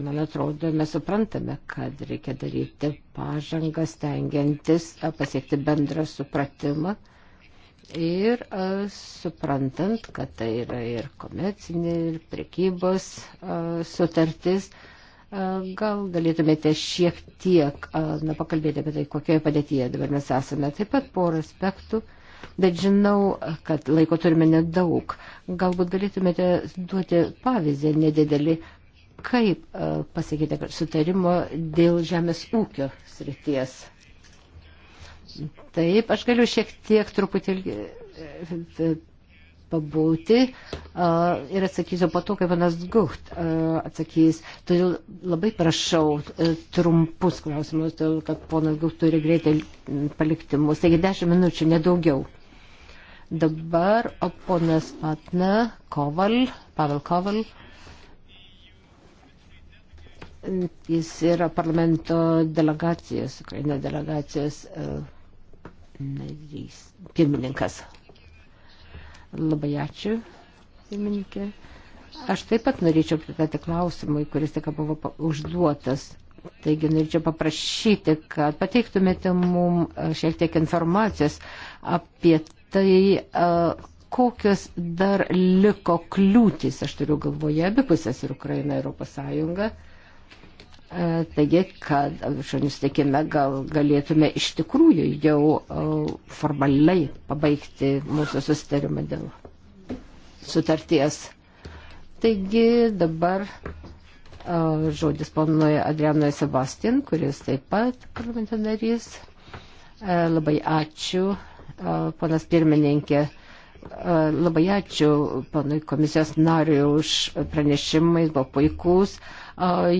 man atrodo, mes suprantame, kad reikia daryti pažangą, stengiantis pasiekti bendrą supratimą Ir a, suprantant, kad tai yra ir komercinė, ir prekybos a, sutartis, a, gal galėtumėte šiek tiek a, na, pakalbėti apie tai, kokioje padėtyje dabar mes esame. Taip pat porą aspektų, bet žinau, kad laiko turime nedaug. Galbūt galėtumėte duoti pavyzdį nedidelį, kaip a, pasakyti sutarimo dėl žemės ūkio srities. Taip, aš galiu šiek tiek truputį e, pabūti uh, ir atsakysiu po to, kai panas Gucht uh, atsakys. Todėl labai prašau uh, trumpus klausimus, todėl kad ponas Gucht turi greitai palikti mus. Taigi dešimt minučių, nedaugiau. Dabar ponas Patna Koval, Pavel Koval. Jis yra parlamento delegacijos, Ukraino delegacijos. Uh, narys, pirmininkas. Labai ačiū, pirmininkė. Aš taip pat norėčiau pritarti klausimui, kuris tik buvo užduotas. Taigi norėčiau paprašyti, kad pateiktumėte mum e, šiek tiek informacijos apie tai, e, kokios dar liko kliūtis, aš turiu galvoje abipusės ir Ukraina, Europos Sąjunga. E, taigi, kad šiomis tikime gal galėtume iš tikrųjų jau e, formaliai pabaigti mūsų susitarimą dėl sutarties. Taigi dabar e, žodis ponui Adrianui Sebastian, kuris taip pat parlamento narys. Labai ačiū, ponas pirmininkė. Labai ačiū panui komisijos nariui už pranešimą, jis buvo puikus.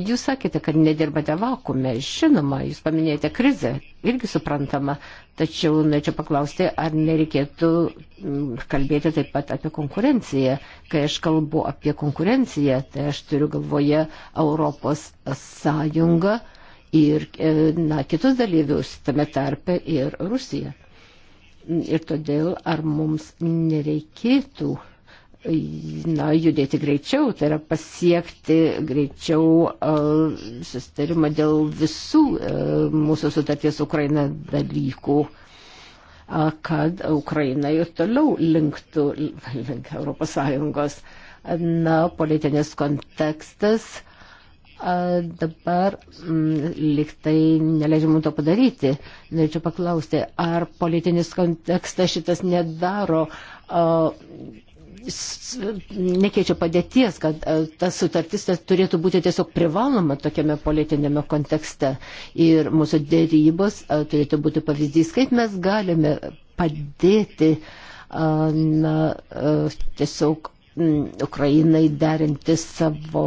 Jūs sakėte, kad nedirbate vakume, žinoma, jūs paminėjote krizę, irgi suprantama, tačiau norėčiau paklausti, ar nereikėtų kalbėti taip pat apie konkurenciją. Kai aš kalbu apie konkurenciją, tai aš turiu galvoje Europos Sąjungą ir e, na, kitus dalyvius, tame tarpe ir Rusiją. Ir todėl ar mums nereikėtų na, judėti greičiau, tai yra pasiekti greičiau uh, sustarimą dėl visų uh, mūsų sutarties Ukraina dalykų, uh, kad Ukraina ir toliau linktų link Europos Sąjungos. Na, politinės kontekstas Dabar m, mm, liktai neleidžia mums to padaryti. Norėčiau paklausti, ar politinis kontekstas šitas nedaro, a, s, nekeičia padėties, kad a, tas sutartis tas turėtų būti tiesiog privaloma tokiame politinėme kontekste. Ir mūsų dėrybos a, turėtų būti pavyzdys, kaip mes galime padėti na, tiesiog Mm, Ukrainai derinti savo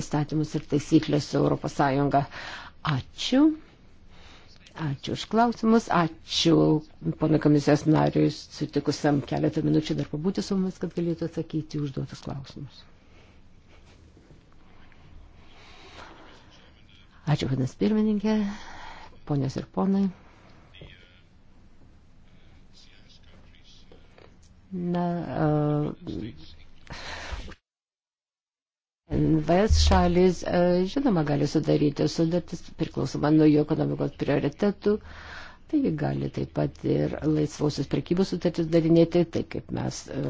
įstatymus ir taisyklės su ES. Ačiū. Ačiū už klausimus, ačiū pana komisijos nariui sutikusiam keletą minučių dar pabūti su mumis, kad galėtų atsakyti užduotus klausimus. Ačiū, panas pirmininkė, ponios ir ponai. Na, NVS šalis, e, žinoma, gali sudaryti sudartis priklausomą nuo jų ekonomikos prioritetų. Tai gali taip pat ir laisvosios prekybos sutartis darinėti, tai kaip mes e,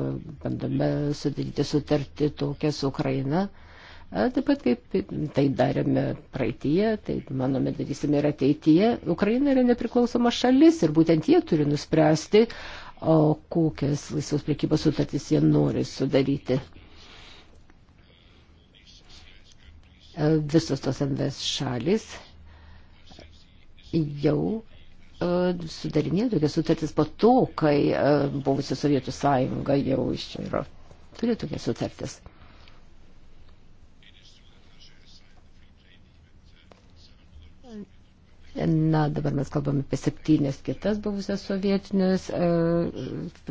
bandome sudaryti sutartį tokią su Ukraina. E, taip pat kaip tai darėme praeitie, tai manome darysime ir ateityje. Ukraina yra nepriklausoma šalis ir būtent jie turi nuspręsti, uh, o kokias laisvos priekybos sutartys jie nori sudaryti. E, visos tos NVS šalis jau e, sudarinėjo tokias sutartis po to, kai e, buvusi Sovietų sąjunga jau iš čia yra. Turi tokias sutartis. Na, dabar mes kalbame apie septynės kitas buvusias sovietinės e,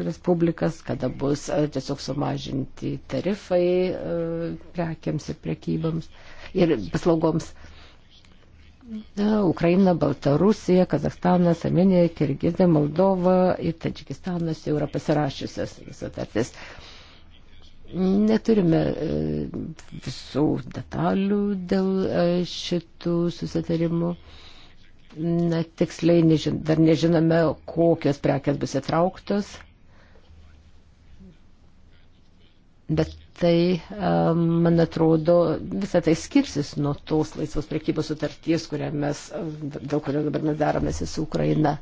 respublikas, kada bus e, tiesiog sumažinti tarifai e, prekiams ir prekybams ir paslaugoms. Na, Ukraina, Baltarusija, Kazakstanas, Armenija, Kirgizija, Moldova ir Tadžikistanas jau yra pasirašiusios sutartis. Neturime e, visų detalių dėl e, šitų susitarimų. E, Na, tiksliai nežin, dar nežinome, kokios prekes bus įtrauktos, bet tai, um, man atrodo, visą tai skirsis nuo tos laisvos prekybos sutarties, mes, dėl kurio dabar mes daromės su Ukraina.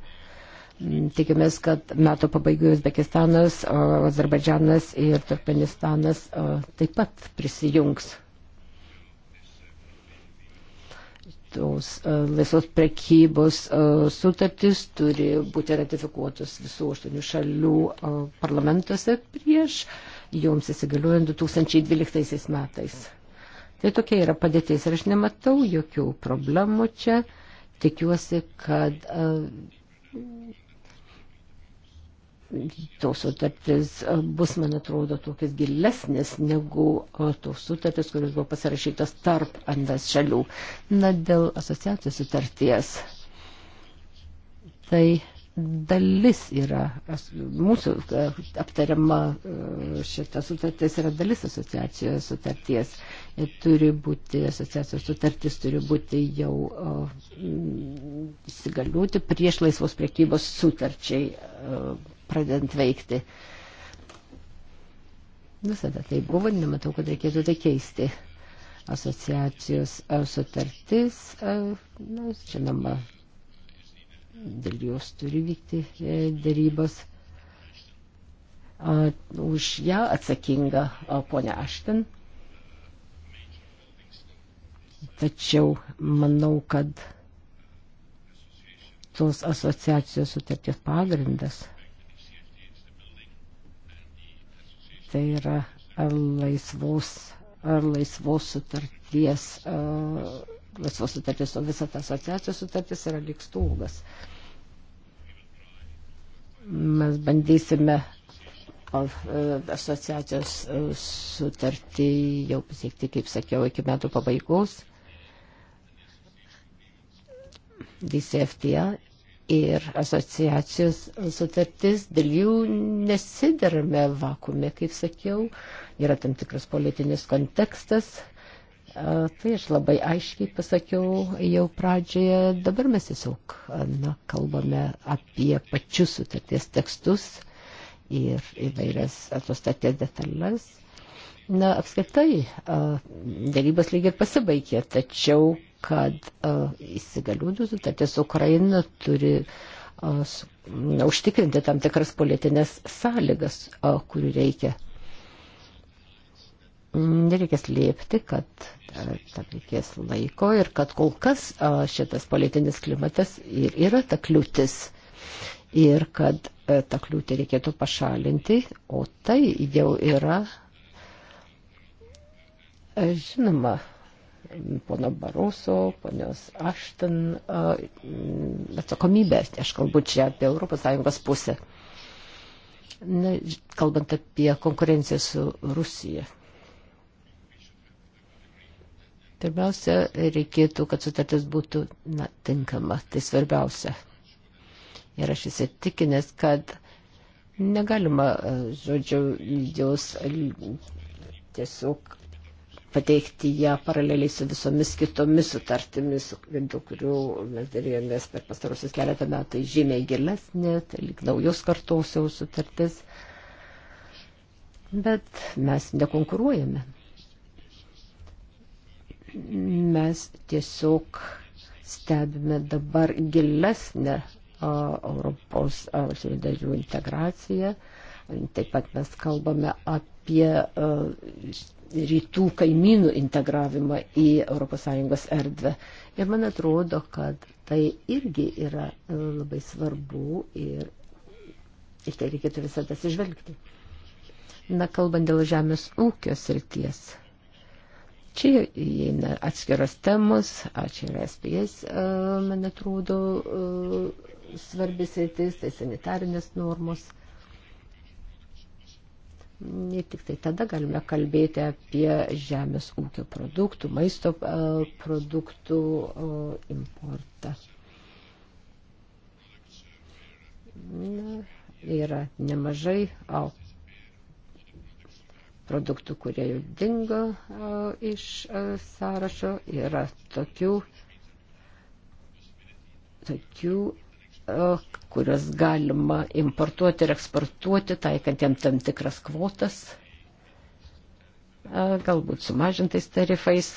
Mm, tikimės, kad metų pabaigoje Uzbekistanas, Azerbaidžanas ir Turkmenistanas taip pat prisijungs tos e, laisvos prekybos e, sutartys turi būti ratifikuotos visų aštuonių šalių e, parlamentuose prieš joms įsigaliuojant 2012 metais. Tai tokia yra padėtis ir aš nematau jokių problemų čia. Tikiuosi, kad tos sutartys e, bus, man atrodo, tokias gilesnės negu e, tos sutartys, kuris buvo pasirašytas tarp andas šalių. Na, dėl asociacijos sutarties. Tai dalis yra, mūsų e, aptariama šita sutartis yra dalis asociacijos sutarties. Ir turi būti, asociacijos sutartis turi būti jau įsigaliuoti prieš laisvos priekybos sutarčiai pradedant veikti. Visada tai buvo, nematau, kad reikėtų tai keisti. Asociacijos e, sutartis, e, na, žinoma, dėl jos turi vykti e, dėrybos. Už ją atsakinga ponia Ašten. Tačiau manau, kad tos asociacijos sutarties pagrindas tai yra ar laisvos, ar laisvos sutarties, laisvos sutarties, o visa ta asociacijos sutartis yra likstūgas. Mes bandysime asociacijos sutartį jau pasiekti, kaip sakiau, iki metų pabaigos. DCFTA ir asociacijos sutartis, dėl jų nesidarame vakume, kaip sakiau, yra tam tikras politinis kontekstas. Tai aš labai aiškiai pasakiau jau pradžioje, dabar mes tiesiog na, kalbame apie pačius sutarties tekstus ir įvairias tos sutarties detalės Na, apskritai, dėrybos lyg ir pasibaigė, tačiau, kad įsigaliūtų sutartis Ukraina turi na, užtikrinti tam tikras politinės sąlygas, kurių reikia. Nereikia slėpti, kad tam reikės laiko ir kad kol kas šitas politinis klimatas ir yra ta kliūtis. Ir kad e, tą kliūtį reikėtų pašalinti, o tai jau yra Žinoma, pono Baroso, ponios Ašten mm, atsakomybės, aš kalbu čia apie ES pusę. Na, kalbant apie konkurenciją su Rusija. Pirmiausia, reikėtų, kad sutartis būtų na, tinkama, tai svarbiausia. Ir aš įsitikinęs, kad negalima, žodžiu, jūs tiesiog pateikti ją paraleliai su visomis kitomis sutartimis, dėl kurių mes dėrėjomės per pastarosius keletą metų žymiai gilesnė, tai lyg naujos kartos jau sutartis. Bet mes nekonkuruojame. Mes tiesiog stebime dabar gilesnę Europos valstybių dalių integraciją. Taip pat mes kalbame apie rytų kaimynų integravimą į ES erdvę. Ir man atrodo, kad tai irgi yra e, labai svarbu ir į tai reikėtų visada atsižvelgti. Na, kalbant dėl žemės ūkio srities. Čia įeina atskiros temos, čia yra SPS, e, man atrodo, e, svarbis rytis, tai sanitarinės normos. Ir tik tai tada galime kalbėti apie žemės ūkio produktų, maisto e, produktų e, importą. Na, yra nemažai o, produktų, kurie jau dingo o, e, iš o, sąrašo. Yra tokių, tokių kurias galima importuoti ir eksportuoti, taikant jam tam tikras kvotas, galbūt sumažintais tarifais.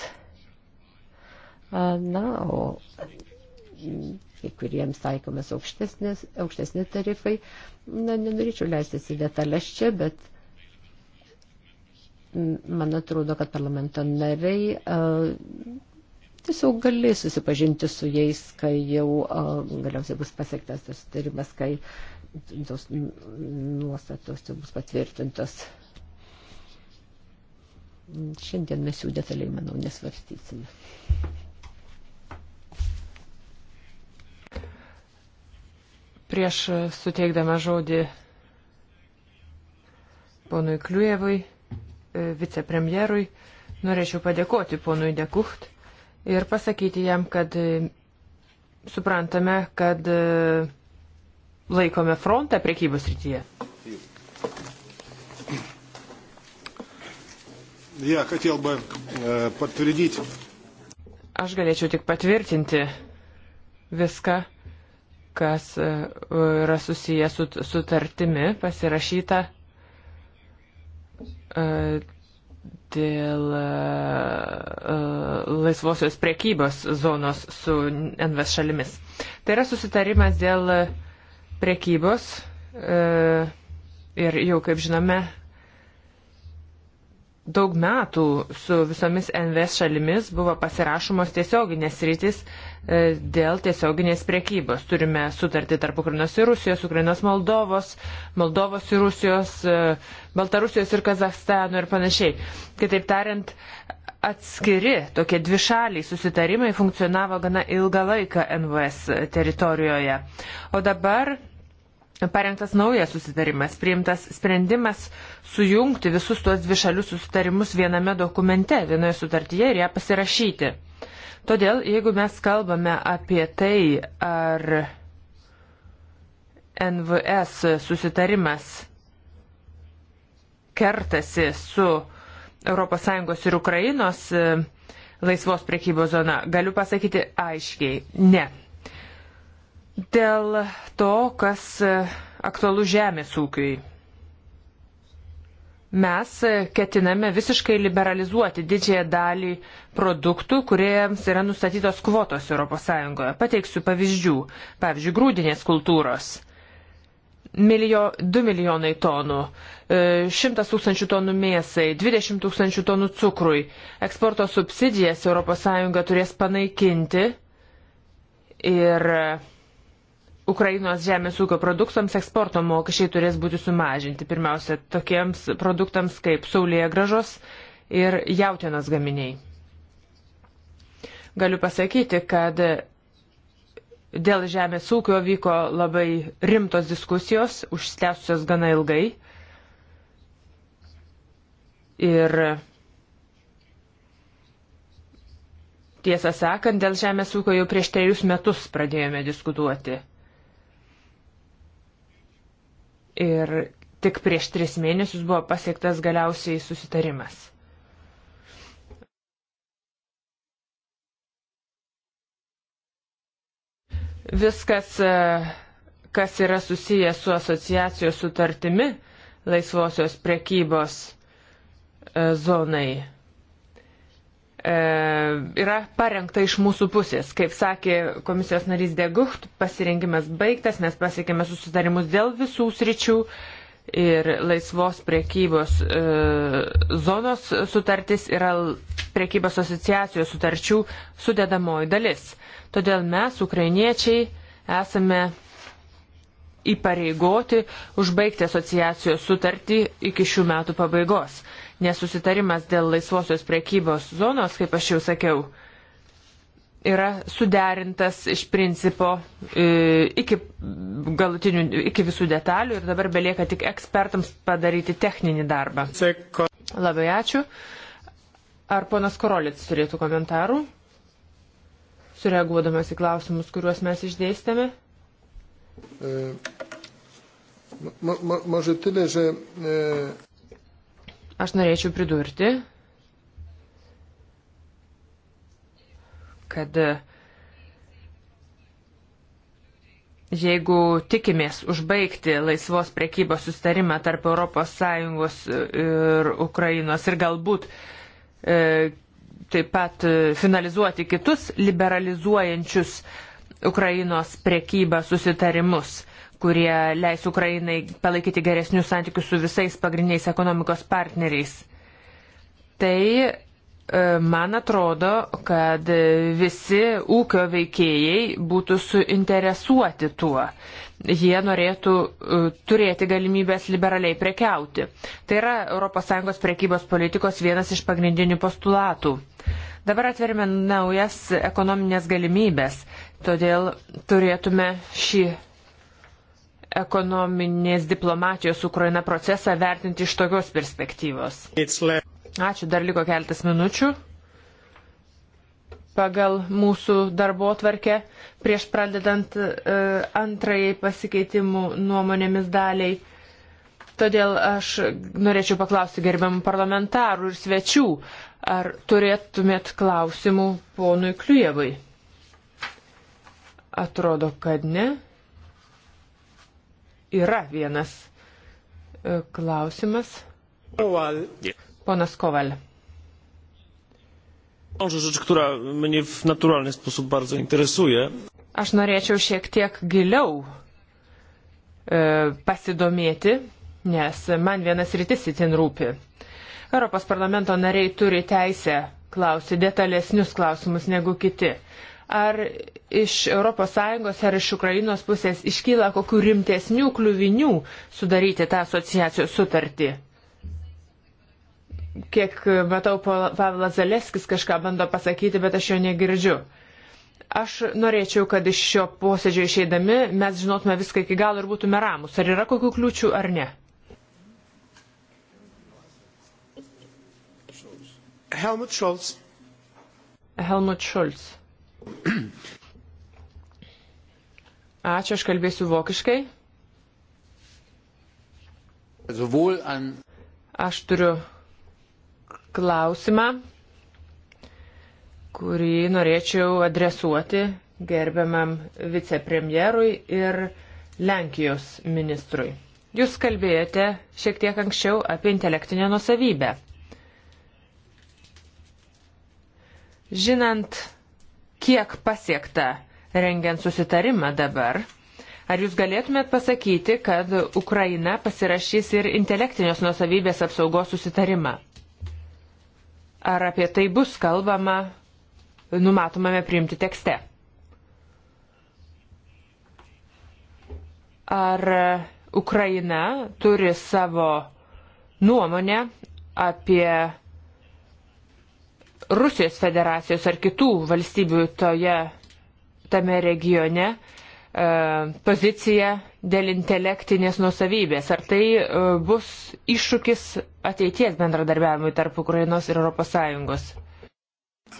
Na, o kai kuriems taikomas aukštesni tarifai. Na, nenorėčiau leistis į detalės čia, bet man atrodo, kad parlamento nariai tiesiog gali susipažinti su jais, kai jau a, galiausiai bus pasiektas tas tarimas, kai tos nuostatos jau bus patvirtintos. Šiandien mes jų detaliai, manau, nesvarstysime. Prieš suteikdama žodį ponui Kliujevui, e, vicepremjerui, norėčiau padėkoti ponui Dekucht ir pasakyti jam, kad e, suprantame, kad e, laikome frontą priekybos rytyje. Я хотел бы э, подтвердить. Aš galėčiau tik patvirtinti viską, kas e, yra susijęs su sutartimi pasirašyta dėl e, e, laisvosios priekybos zonos su NVS šalimis. Tai yra susitarimas dėl priekybos e, ir jau, kaip žinome, daug metų su visomis NVS šalimis buvo pasirašomos tiesioginės rytis e, dėl tiesioginės priekybos. Turime sutartį tarp Ukrainos ir Rusijos, Ukrainos Moldovos, Moldovos ir Rusijos, e, Baltarusijos ir Kazakstano ir panašiai. Kitaip tariant, atskiri tokie dvišaliai susitarimai funkcionavo gana ilgą laiką NVS teritorijoje. O dabar parengtas naujas susitarimas, priimtas sprendimas sujungti visus tuos dvišalius susitarimus viename dokumente, vienoje sutartyje ir ją pasirašyti. Todėl, jeigu mes kalbame apie tai, ar NVS susitarimas kertasi su ES ir Ukrainos e, laisvos priekybos zona, galiu pasakyti aiškiai, ne Dėl to, kas aktualu žemės ūkiui. Mes ketiname visiškai liberalizuoti didžiąją dalį produktų, kuriems yra nustatytos kvotos ES. Pateiksiu pavyzdžių. Pavyzdžiui, grūdinės kultūros. Milijo, 2 milijonai tonų, 100 e, tūkstančių tonų mėsai, 20 tūkstančių tonų cukrui. Eksporto subsidijas ES turės panaikinti ir Ukrainos žemės ūkio produktams eksporto mokesčiai turės būti sumažinti. Pirmiausia, tokiems produktams kaip saulėje gražos ir jautienos gaminiai. Galiu pasakyti, kad dėl žemės ūkio vyko labai rimtos diskusijos, užstęsusios gana ilgai. Ir tiesą sakant, dėl žemės ūkio jau prieš trejus metus pradėjome diskutuoti. Ir tik prieš tris mėnesius buvo pasiektas galiausiai susitarimas. Viskas, e, kas yra susijęs su asociacijos sutartimi laisvosios prekybos e, zonai, e, yra parengta iš mūsų pusės. Kaip sakė komisijos narys Degucht, pasirengimas baigtas, mes pasiekėme susitarimus dėl visų sričių ir laisvos priekybos e, zonos sutartis yra priekybos asociacijos sutarčių sudėdamoji dalis. Todėl mes, ukrainiečiai, esame įpareigoti užbaigti asociacijos sutartį iki šių metų pabaigos nesusitarimas dėl laisvosios priekybos zonos, kaip aš jau sakiau, yra suderintas iš principo e, iki, galutinių, iki visų detalių ir dabar belieka tik ekspertams padaryti techninį darbą. Labai ačiū. Ar ponas Korolits turėtų komentarų, sureaguodamas į klausimus, kuriuos mes išdėstėme? E, ma, ma, mažai tylė, že... E... Aš norėčiau pridurti, kad jeigu tikimės užbaigti laisvos prekybos sustarimą tarp ES ir Ukrainos ir galbūt e, taip pat finalizuoti kitus liberalizuojančius Ukrainos prekybą susitarimus, kurie leis Ukrainai palaikyti geresnius santykius su visais pagrindiniais ekonomikos partneriais. Tai e, man atrodo, kad visi ūkio veikėjai būtų suinteresuoti tuo. Jie norėtų e, turėti galimybės liberaliai prekiauti. Tai yra ES prekybos politikos vienas iš pagrindinių postulatų. Dabar atverime naujas ekonominės galimybės, todėl turėtume šį ekonominės diplomatijos Ukraina procesą vertinti iš tokios perspektyvos. Ačiū, dar liko keltas minučių pagal mūsų darbo tvarkę prieš pradedant e, antrajai pasikeitimų nuomonėmis daliai. Todėl aš norėčiau paklausti gerbiamų parlamentarų ir svečių, ar turėtumėt klausimų ponui Kliujevui. Atrodo, kad ne yra vienas e, klausimas. Ponas Kowal. Rzecz, która mnie w naturalny sposób bardzo interesuje. Aš norėčiau šiek tiek giliau e, pasidomėti, nes man vienas rytis itin rūpi. Europos parlamento nariai turi teisę klausyti detalesnius klausimus negu kiti ar iš ES ar iš Ukrainos pusės iškyla kokių rimtesnių kliuvinių sudaryti tą asociacijos sutartį. Kiek matau, Pavlas Zaleskis kažką bando pasakyti, bet aš jo negirdžiu. Aš norėčiau, kad iš šio posėdžio išeidami mes žinotume viską iki galo ir būtume ramus. Ar yra kokių kliūčių ar ne? Helmut Scholz. Helmut Scholz. Ačiū, aš kalbėsiu vokiškai. Aš turiu klausimą, kurį norėčiau adresuoti gerbiamam vicepremjerui ir Lenkijos ministrui. Jūs kalbėjote šiek tiek anksčiau apie intelektinę nusavybę. Žinant kiek pasiekta rengiant susitarimą dabar. Ar jūs galėtumėt pasakyti, kad Ukraina pasirašys ir intelektinės nusavybės apsaugos susitarimą? Ar apie tai bus kalbama numatomame priimti tekste? Ar Ukraina turi savo nuomonę apie Rusijos federacijos ar kitų valstybių toje, tame regione e, poziciją dėl intelektinės nusavybės. Ar tai e, bus iššūkis ateities bendradarbiavimui tarp Ukrainos ir ES?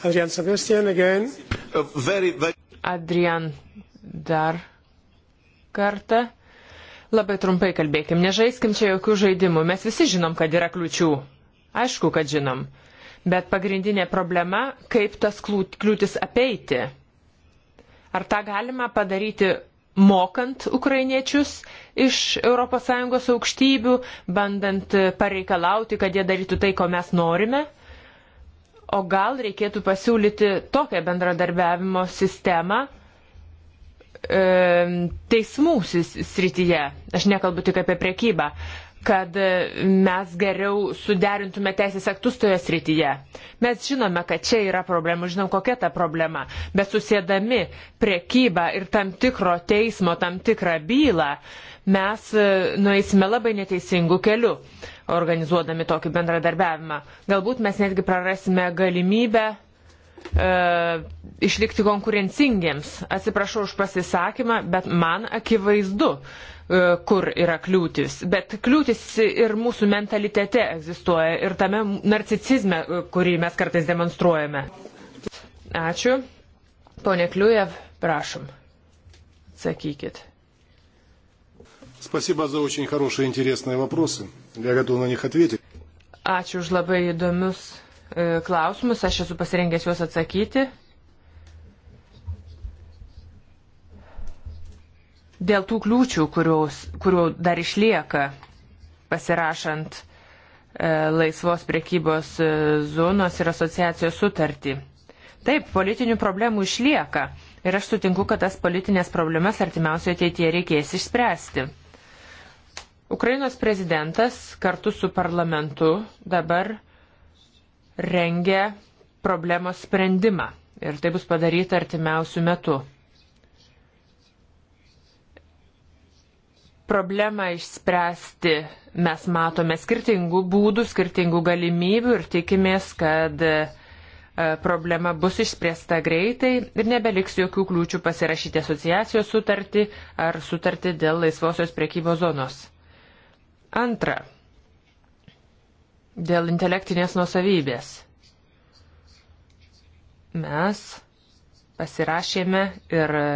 Adrian Sebastian again. Uh, very, very... Adrian dar kartą. Labai trumpai kalbėkim, nežaiskim čia jokių žaidimų. Mes visi žinom, kad yra kliučių. Aišku, kad žinom. Bet pagrindinė problema, kaip tas kliūtis apeiti. Ar tą galima padaryti mokant ukrainiečius iš ES aukštybių, bandant pareikalauti, kad jie darytų tai, ko mes norime? O gal reikėtų pasiūlyti tokią bendradarbiavimo sistemą e, teismų srityje, aš nekalbu tik apie prekybą, kad mes geriau suderintume teisės aktus toje srityje. Mes žinome, kad čia yra problema, žinom, kokia ta problema, bet susėdami priekybą ir tam tikro teismo, tam tikrą bylą, mes e, nueisime labai neteisingų kelių, organizuodami tokį bendradarbiavimą. Galbūt mes netgi prarasime galimybę e, išlikti konkurencingiems. Atsiprašau už pasisakymą, bet man akivaizdu, E, kur yra kliūtis. Bet kliūtis ir mūsų mentalitete egzistuoja ir tame narcicizme, e, kurį mes kartais demonstruojame. Ačiū. Pone Kliujev, prašom. Sakykit. Спасибо за очень хорошие интересные вопросы. Я готов на них ответить. Ačiū už labai įdomius e, klausimus. Aš esu pasirengęs juos atsakyti. dėl tų kliūčių, kurios, kurių dar išlieka pasirašant e, laisvos priekybos e, zonos ir asociacijos sutartį. Taip, politinių problemų išlieka ir aš sutinku, kad tas politinės problemas artimiausioje ateityje reikės išspręsti. Ukrainos prezidentas kartu su parlamentu dabar rengia problemos sprendimą ir tai bus padaryta artimiausių metų. problemą išspręsti mes matome skirtingų būdų, skirtingų galimybių ir tikimės, kad e, problema bus išspręsta greitai ir nebeliks jokių kliūčių pasirašyti asociacijos sutartį ar sutartį dėl laisvosios priekybos zonos. Antra. Dėl intelektinės nusavybės. Mes pasirašėme ir e,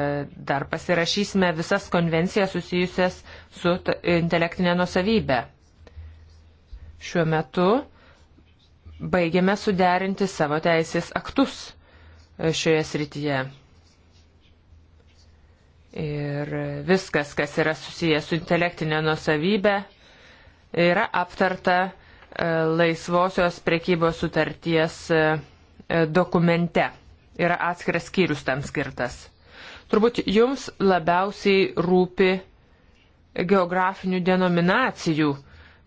dar pasirašysime visas konvencijas susijusias su intelektinė nusavybė. Šiuo metu baigiame suderinti savo teisės aktus e, šioje srityje. Ir viskas, kas yra susijęs su intelektinė nusavybė, yra aptarta e, laisvosios prekybos sutarties dokumente yra atskiras skyrius tam skirtas. Turbūt jums labiausiai rūpi geografinių denominacijų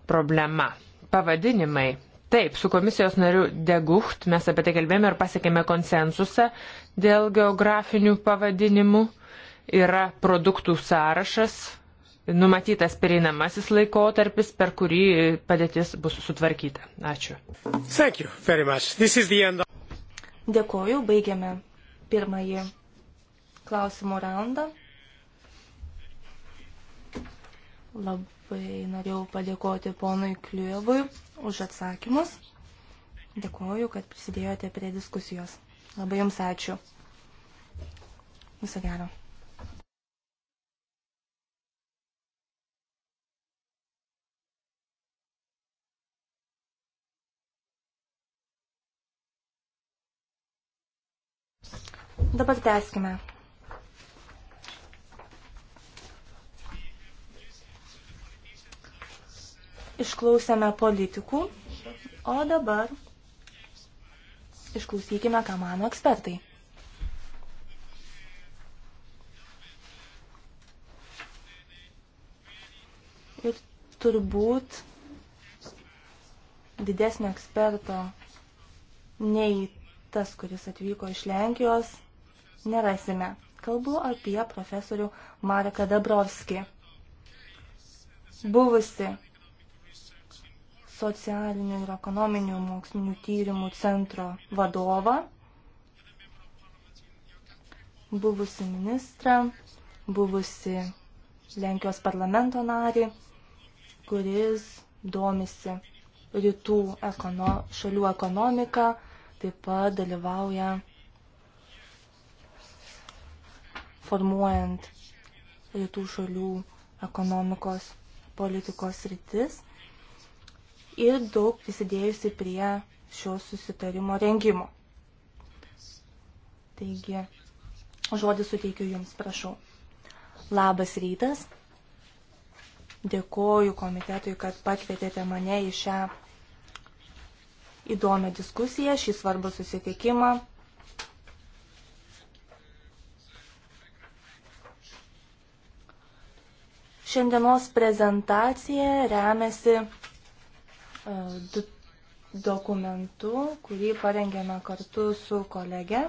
problema. Pavadinimai. Taip, su komisijos nariu Degucht mes apie tai kalbėjome ir pasiekėme konsensusą dėl geografinių pavadinimų. Yra produktų sąrašas, numatytas pereinamasis laikotarpis, per kurį padėtis bus sutvarkyta. Ačiū. Of... Dėkoju, baigiame pirmąjį klausimų raundą. Labai norėjau padėkoti ponui Kliuevui už atsakymus. Dėkoju, kad prisidėjote prie diskusijos. Labai jums ačiū. Viso gero. Dabar tęskime. Išklausėme politikų, o dabar išklausykime, ką mano ekspertai. Ir turbūt didesnio eksperto nei tas, kuris atvyko iš Lenkijos, nerasime. Kalbu apie profesorių Marką Dabrovskį, buvusi socialinių ir ekonominių mokslinių tyrimų centro vadovą, buvusi ministrą, buvusi Lenkijos parlamento narį, kuris domisi rytų ekono, šalių ekonomika, taip pat dalyvauja formuojant rytų šalių ekonomikos politikos rytis ir daug prisidėjusi prie šio susitarimo rengimo. Taigi, žodį suteikiu Jums, prašau. Labas rytas. Dėkoju komitetui, kad pakvietėte mane į šią įdomią diskusiją, šį svarbų susitikimą. Šiandienos prezentacija remiasi e, dokumentu, kurį parengėme kartu su kolege.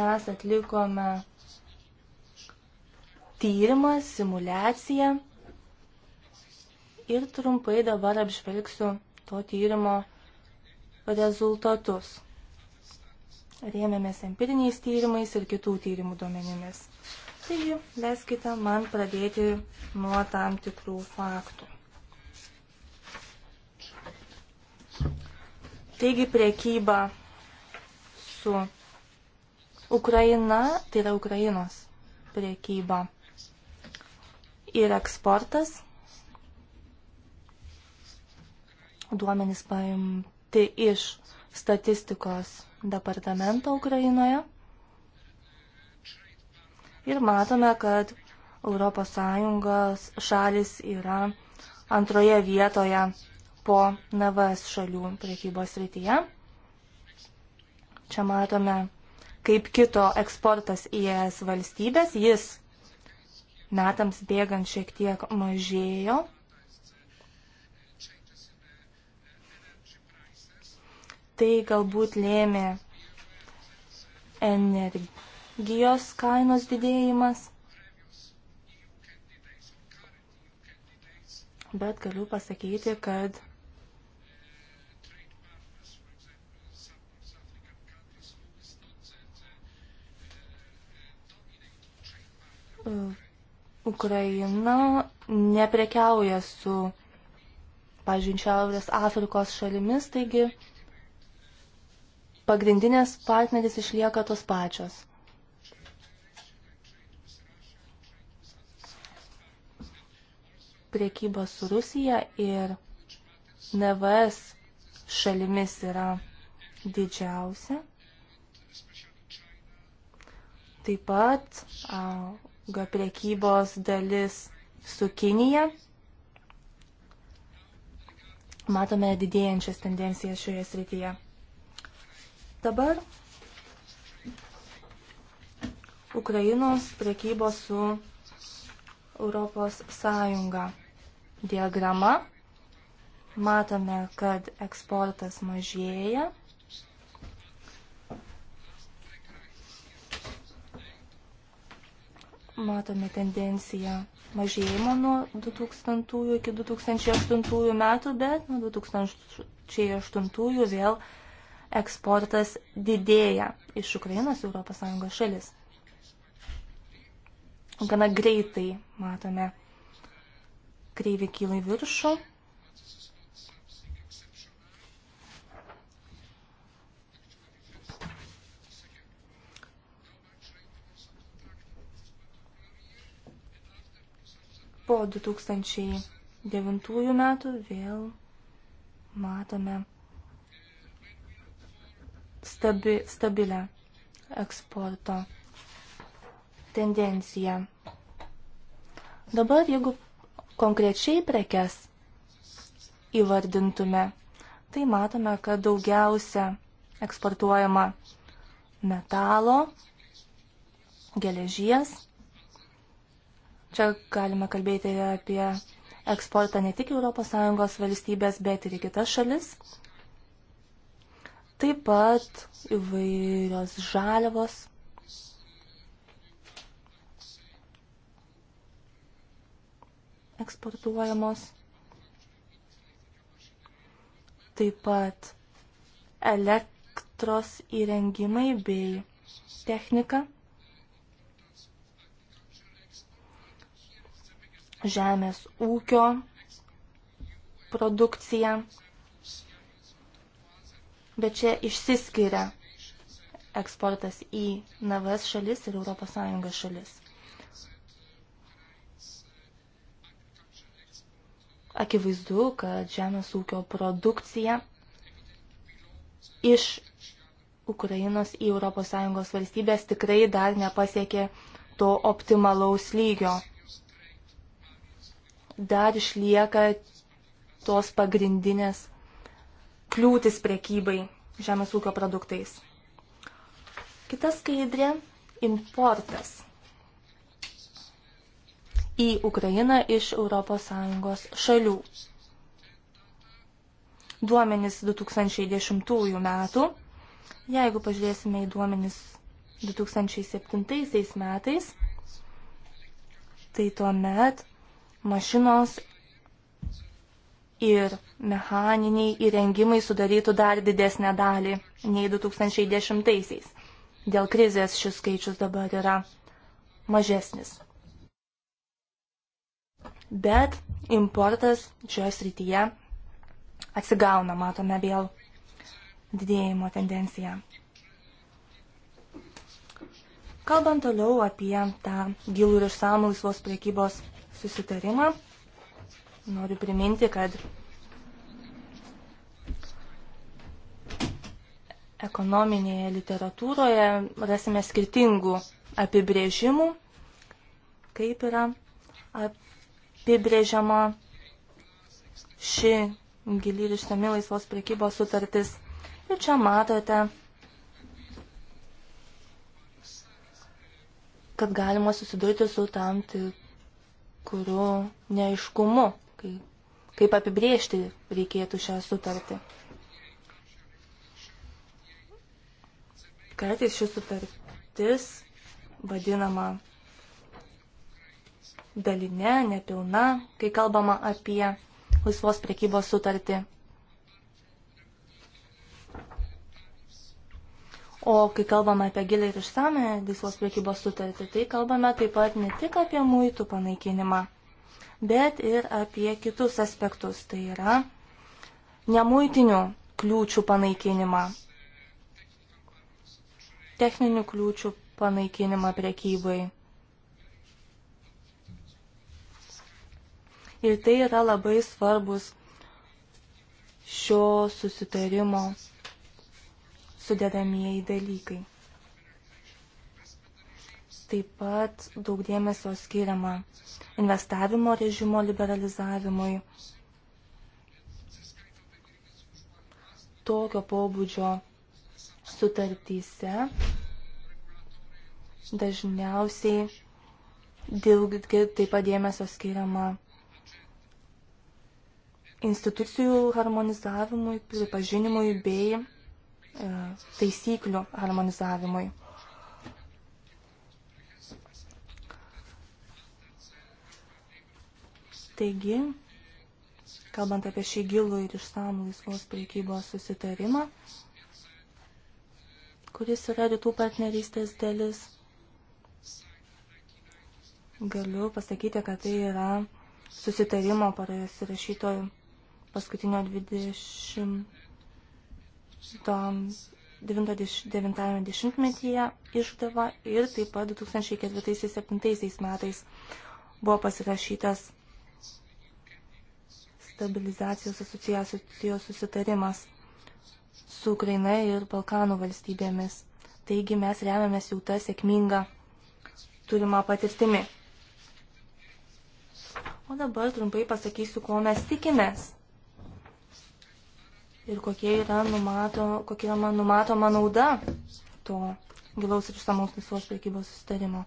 Mes atlikome tyrimą, simulaciją ir trumpai dabar apžvelgsiu to tyrimo rezultatus rėmėmės empiriniais tyrimais ir kitų tyrimų duomenimis. Taigi, leiskite man pradėti nuo tam tikrų faktų. Taigi, priekyba su Ukraina, tai yra Ukrainos priekyba ir eksportas. Duomenys paimti iš statistikos departamento Ukrainoje. Ir matome, kad ES šalis yra antroje vietoje po NVS šalių priekybos rytyje. Čia matome, kaip kito eksportas į ES valstybės, jis metams bėgant šiek tiek mažėjo tai galbūt lėmė energijos kainos didėjimas. Bet galiu pasakyti, kad Ukraina neprekiauja su, pažiūrėjau, Šiaurės Afrikos šalimis, taigi pagrindinės partneris išlieka tos pačios. Priekyba su Rusija ir NVS šalimis yra didžiausia. Taip pat auga priekybos dalis su Kinija. Matome didėjančias tendencijas šioje srityje. Dabar Ukrainos prekybos su Europos Sąjunga diagrama. Matome, kad eksportas mažėja. matome tendenciją mažėjimo nuo 2000 iki 2008 metų, bet nuo 2008 vėl eksportas didėja iš Ukrainos Europos Sąjungos šalis. Gana greitai matome kreivį kyla į viršų. Po 2009 metų vėl matome stabi, stabilę eksporto tendenciją. Dabar, jeigu konkrečiai prekes įvardintume, tai matome, kad daugiausia eksportuojama metalo, geležies. Čia galime kalbėti apie eksportą ne tik ES valstybės, bet ir į kitas šalis. Taip pat įvairios žaliavos. eksportuojamos. Taip pat elektros įrengimai bei technika. Žemės ūkio produkcija bet čia išsiskiria eksportas į NVS šalis ir ES šalis. Akivaizdu, kad žemės ūkio produkcija iš Ukrainos į ES valstybės tikrai dar nepasiekė to optimalaus lygio. Dar išlieka tos pagrindinės kliūtis priekybai žemės ūkio produktais. Kita skaidrė - importas į Ukrainą iš ES šalių. Duomenis 2010 metų. Jeigu pažiūrėsime į duomenis 2007 metais, tai tuomet mašinos ir mechaniniai įrengimai sudarytų dar didesnę dalį nei 2010-aisiais. Dėl krizės šis skaičius dabar yra mažesnis. Bet importas šioje srityje atsigauna, matome vėl didėjimo tendenciją. Kalbant toliau apie tą gilų ir išsamų laisvos priekybos susitarimą, Noriu priminti, kad ekonominėje literatūroje rasime skirtingų apibrėžimų, kaip yra apibrėžiama ši gili ir ištami laisvos prekybos sutartis. Ir čia matote, kad galima susidurti su tam tikru neiškumu kai, kaip apibriežti reikėtų šią sutartį. Kartais ši sutartis vadinama dalinė, nepilna, kai kalbama apie laisvos prekybos sutartį. O kai kalbame apie gilį ir išsame laisvos priekybos sutartį, tai kalbame taip pat ne tik apie muitų panaikinimą bet ir apie kitus aspektus, tai yra nemuitinių kliūčių panaikinimą, techninių kliūčių panaikinimą prekybai. Ir tai yra labai svarbus šio susitarimo sudedamieji dalykai. Taip pat daug dėmesio skiriama investavimo režimo liberalizavimui. Tokio pobūdžio sutartyse dažniausiai dėl taip pat dėmesio skiriama institucijų harmonizavimui, pripažinimui bei e, taisyklių harmonizavimui. Taigi, kalbant apie šį gilų ir išsamų laisvos priekybos susitarimą, kuris yra rytų partnerystės dalis, galiu pasakyti, kad tai yra susitarimo pasirašytojo paskutinio 20 90-metyje išdava ir taip pat 2004-2007 metais buvo pasirašytas stabilizacijos asociacijos susitarimas su Ukraina ir Balkanų valstybėmis. Taigi mes remiamės jau tą sėkmingą turimą patirtimį. O dabar trumpai pasakysiu, ko mes tikimės ir kokie yra numato, kokia yra numatoma nauda to gilaus ir išsamaus laisvos prekybos sustarimo.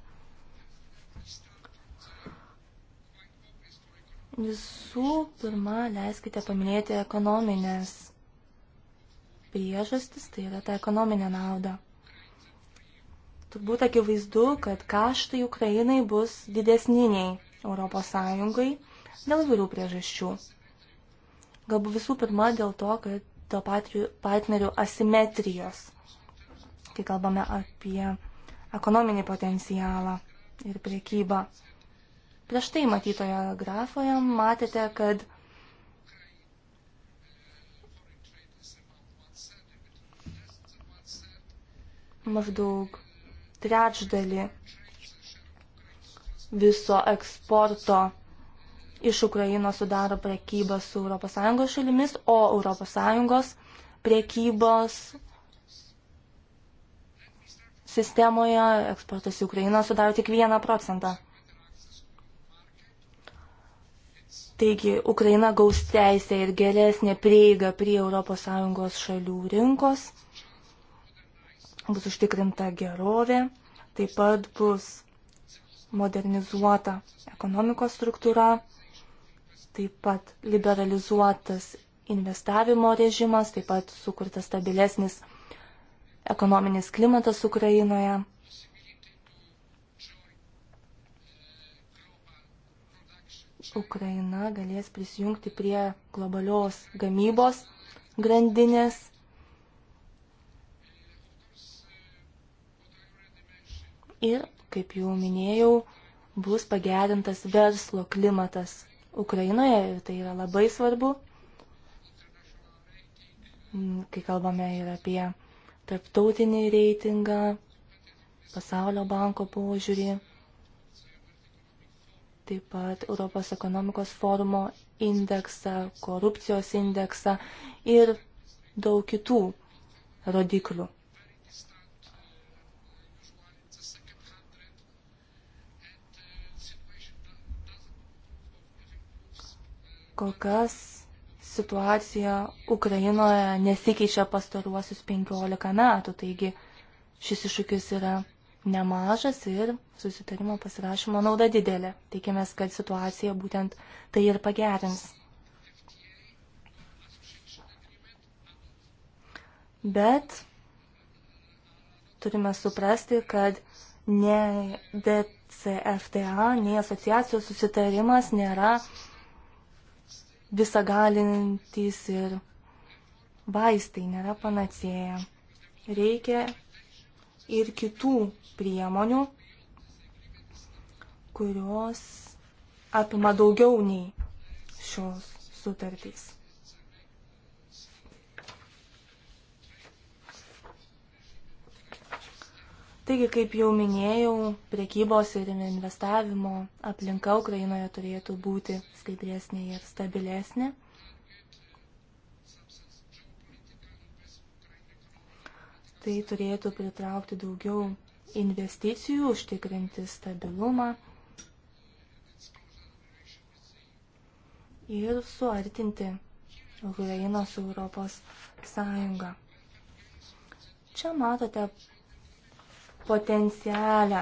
Visų pirma, leiskite paminėti ekonominės priežastis, tai yra ta ekonominė nauda. Turbūt akivaizdu, kad kaštai Ukrainai bus didesniniai Europos Sąjungai dėl įvairių priežasčių. Galbūt visų pirma dėl to, kad to partnerių asimetrijos, kai kalbame apie ekonominį potencialą ir priekybą. Prieš tai matytoje grafoje matėte, kad maždaug trečdali viso eksporto iš Ukrainos sudaro prekybą su ES šalimis, o ES prekybos sistemoje eksportas į Ukrainą sudaro tik vieną procentą. Taigi Ukraina gaus teisę ir geresnė prieiga prie ES šalių rinkos, bus užtikrinta gerovė, taip pat bus modernizuota ekonomikos struktūra, taip pat liberalizuotas investavimo režimas, taip pat sukurtas stabilesnis ekonominis klimatas Ukrainoje. Ukraina galės prisijungti prie globalios gamybos grandinės. Ir, kaip jau minėjau, bus pagerintas verslo klimatas Ukrainoje ir tai yra labai svarbu, mm, kai kalbame ir apie tarptautinį reitingą, pasaulio banko požiūrį taip pat Europos ekonomikos forumo indeksą, korupcijos indeksą ir daug kitų rodiklių. Kol kas situacija Ukrainoje nesikeičia pastaruosius 15 metų, taigi šis iššūkis yra nemažas ir susitarimo pasirašymo nauda didelė. Tikimės, kad situacija būtent tai ir pagerins. Bet turime suprasti, kad ne DCFTA, nei asociacijos susitarimas nėra visagalintys ir vaistai, nėra panacėja. Reikia ir kitų priemonių, kurios apima daugiau nei šios sutartys. Taigi, kaip jau minėjau, priekybos ir investavimo aplinka Ukrainoje turėtų būti skaidresnė ir stabilesnė. Tai turėtų pritraukti daugiau investicijų, užtikrinti stabilumą ir suartinti Ukrainą su Europos Sąjunga. Čia matote potencialę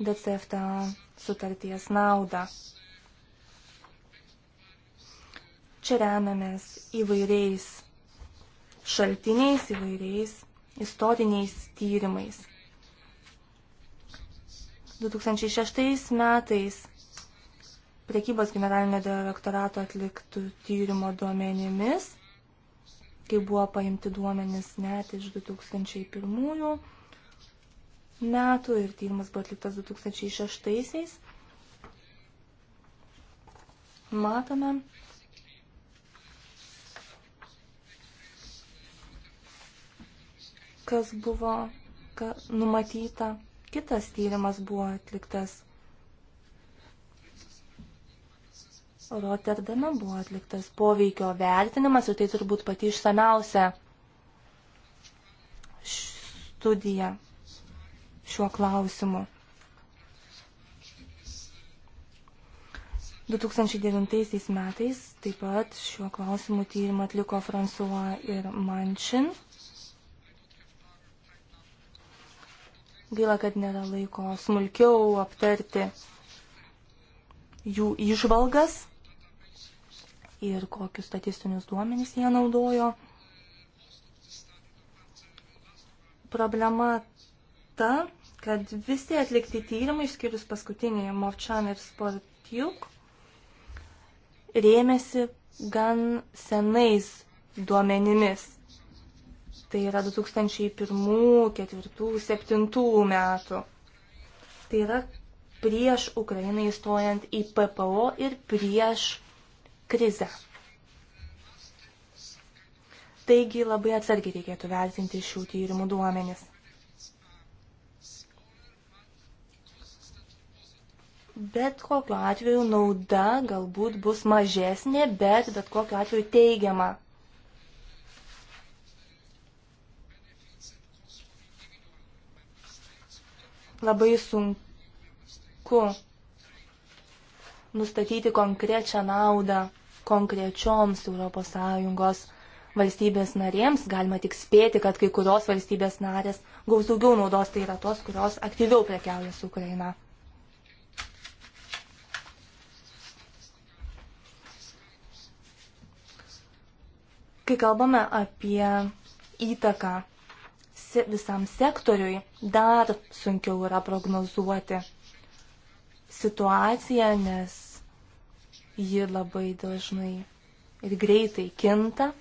DCFTA sutarties naudą. Čia remiamės įvairiais šaltiniais įvairiais istoriniais tyrimais. 2006 metais prekybos generalinio direktorato atliktų tyrimo duomenimis, kai buvo paimti duomenis net iš 2001 metų ir tyrimas buvo atliktas 2006, matome, kas buvo ka, numatyta. Kitas tyrimas buvo atliktas. Rotterdame buvo atliktas poveikio vertinimas ir tai turbūt pati išsameusia studija šiuo klausimu. 2009 metais taip pat šiuo klausimu tyrimą atliko François ir Manšin. Gaila, kad nėra laiko smulkiau aptarti jų išvalgas ir kokius statistinius duomenys jie naudojo. Problema ta, kad visi atlikti tyrimai, išskyrus paskutinį Movčan ir Sportjuk, rėmėsi gan senais duomenimis. Tai yra 2001, 2004, 2007 metų. Tai yra prieš Ukrainą įstojant į PPO ir prieš krizę. Taigi labai atsargiai reikėtų vertinti šių tyrimų duomenis. Bet kokiu atveju nauda galbūt bus mažesnė, bet bet kokiu atveju teigiama labai sunku nustatyti konkrečią naudą konkrečioms ES valstybės narėms. Galima tik spėti, kad kai kurios valstybės narės gaus daugiau naudos, tai yra tos, kurios aktyviau prekiauja su Ukraina. Kai kalbame apie įtaką se, visam sektoriui dar sunkiau yra prognozuoti situaciją, nes ji labai dažnai ir greitai kinta.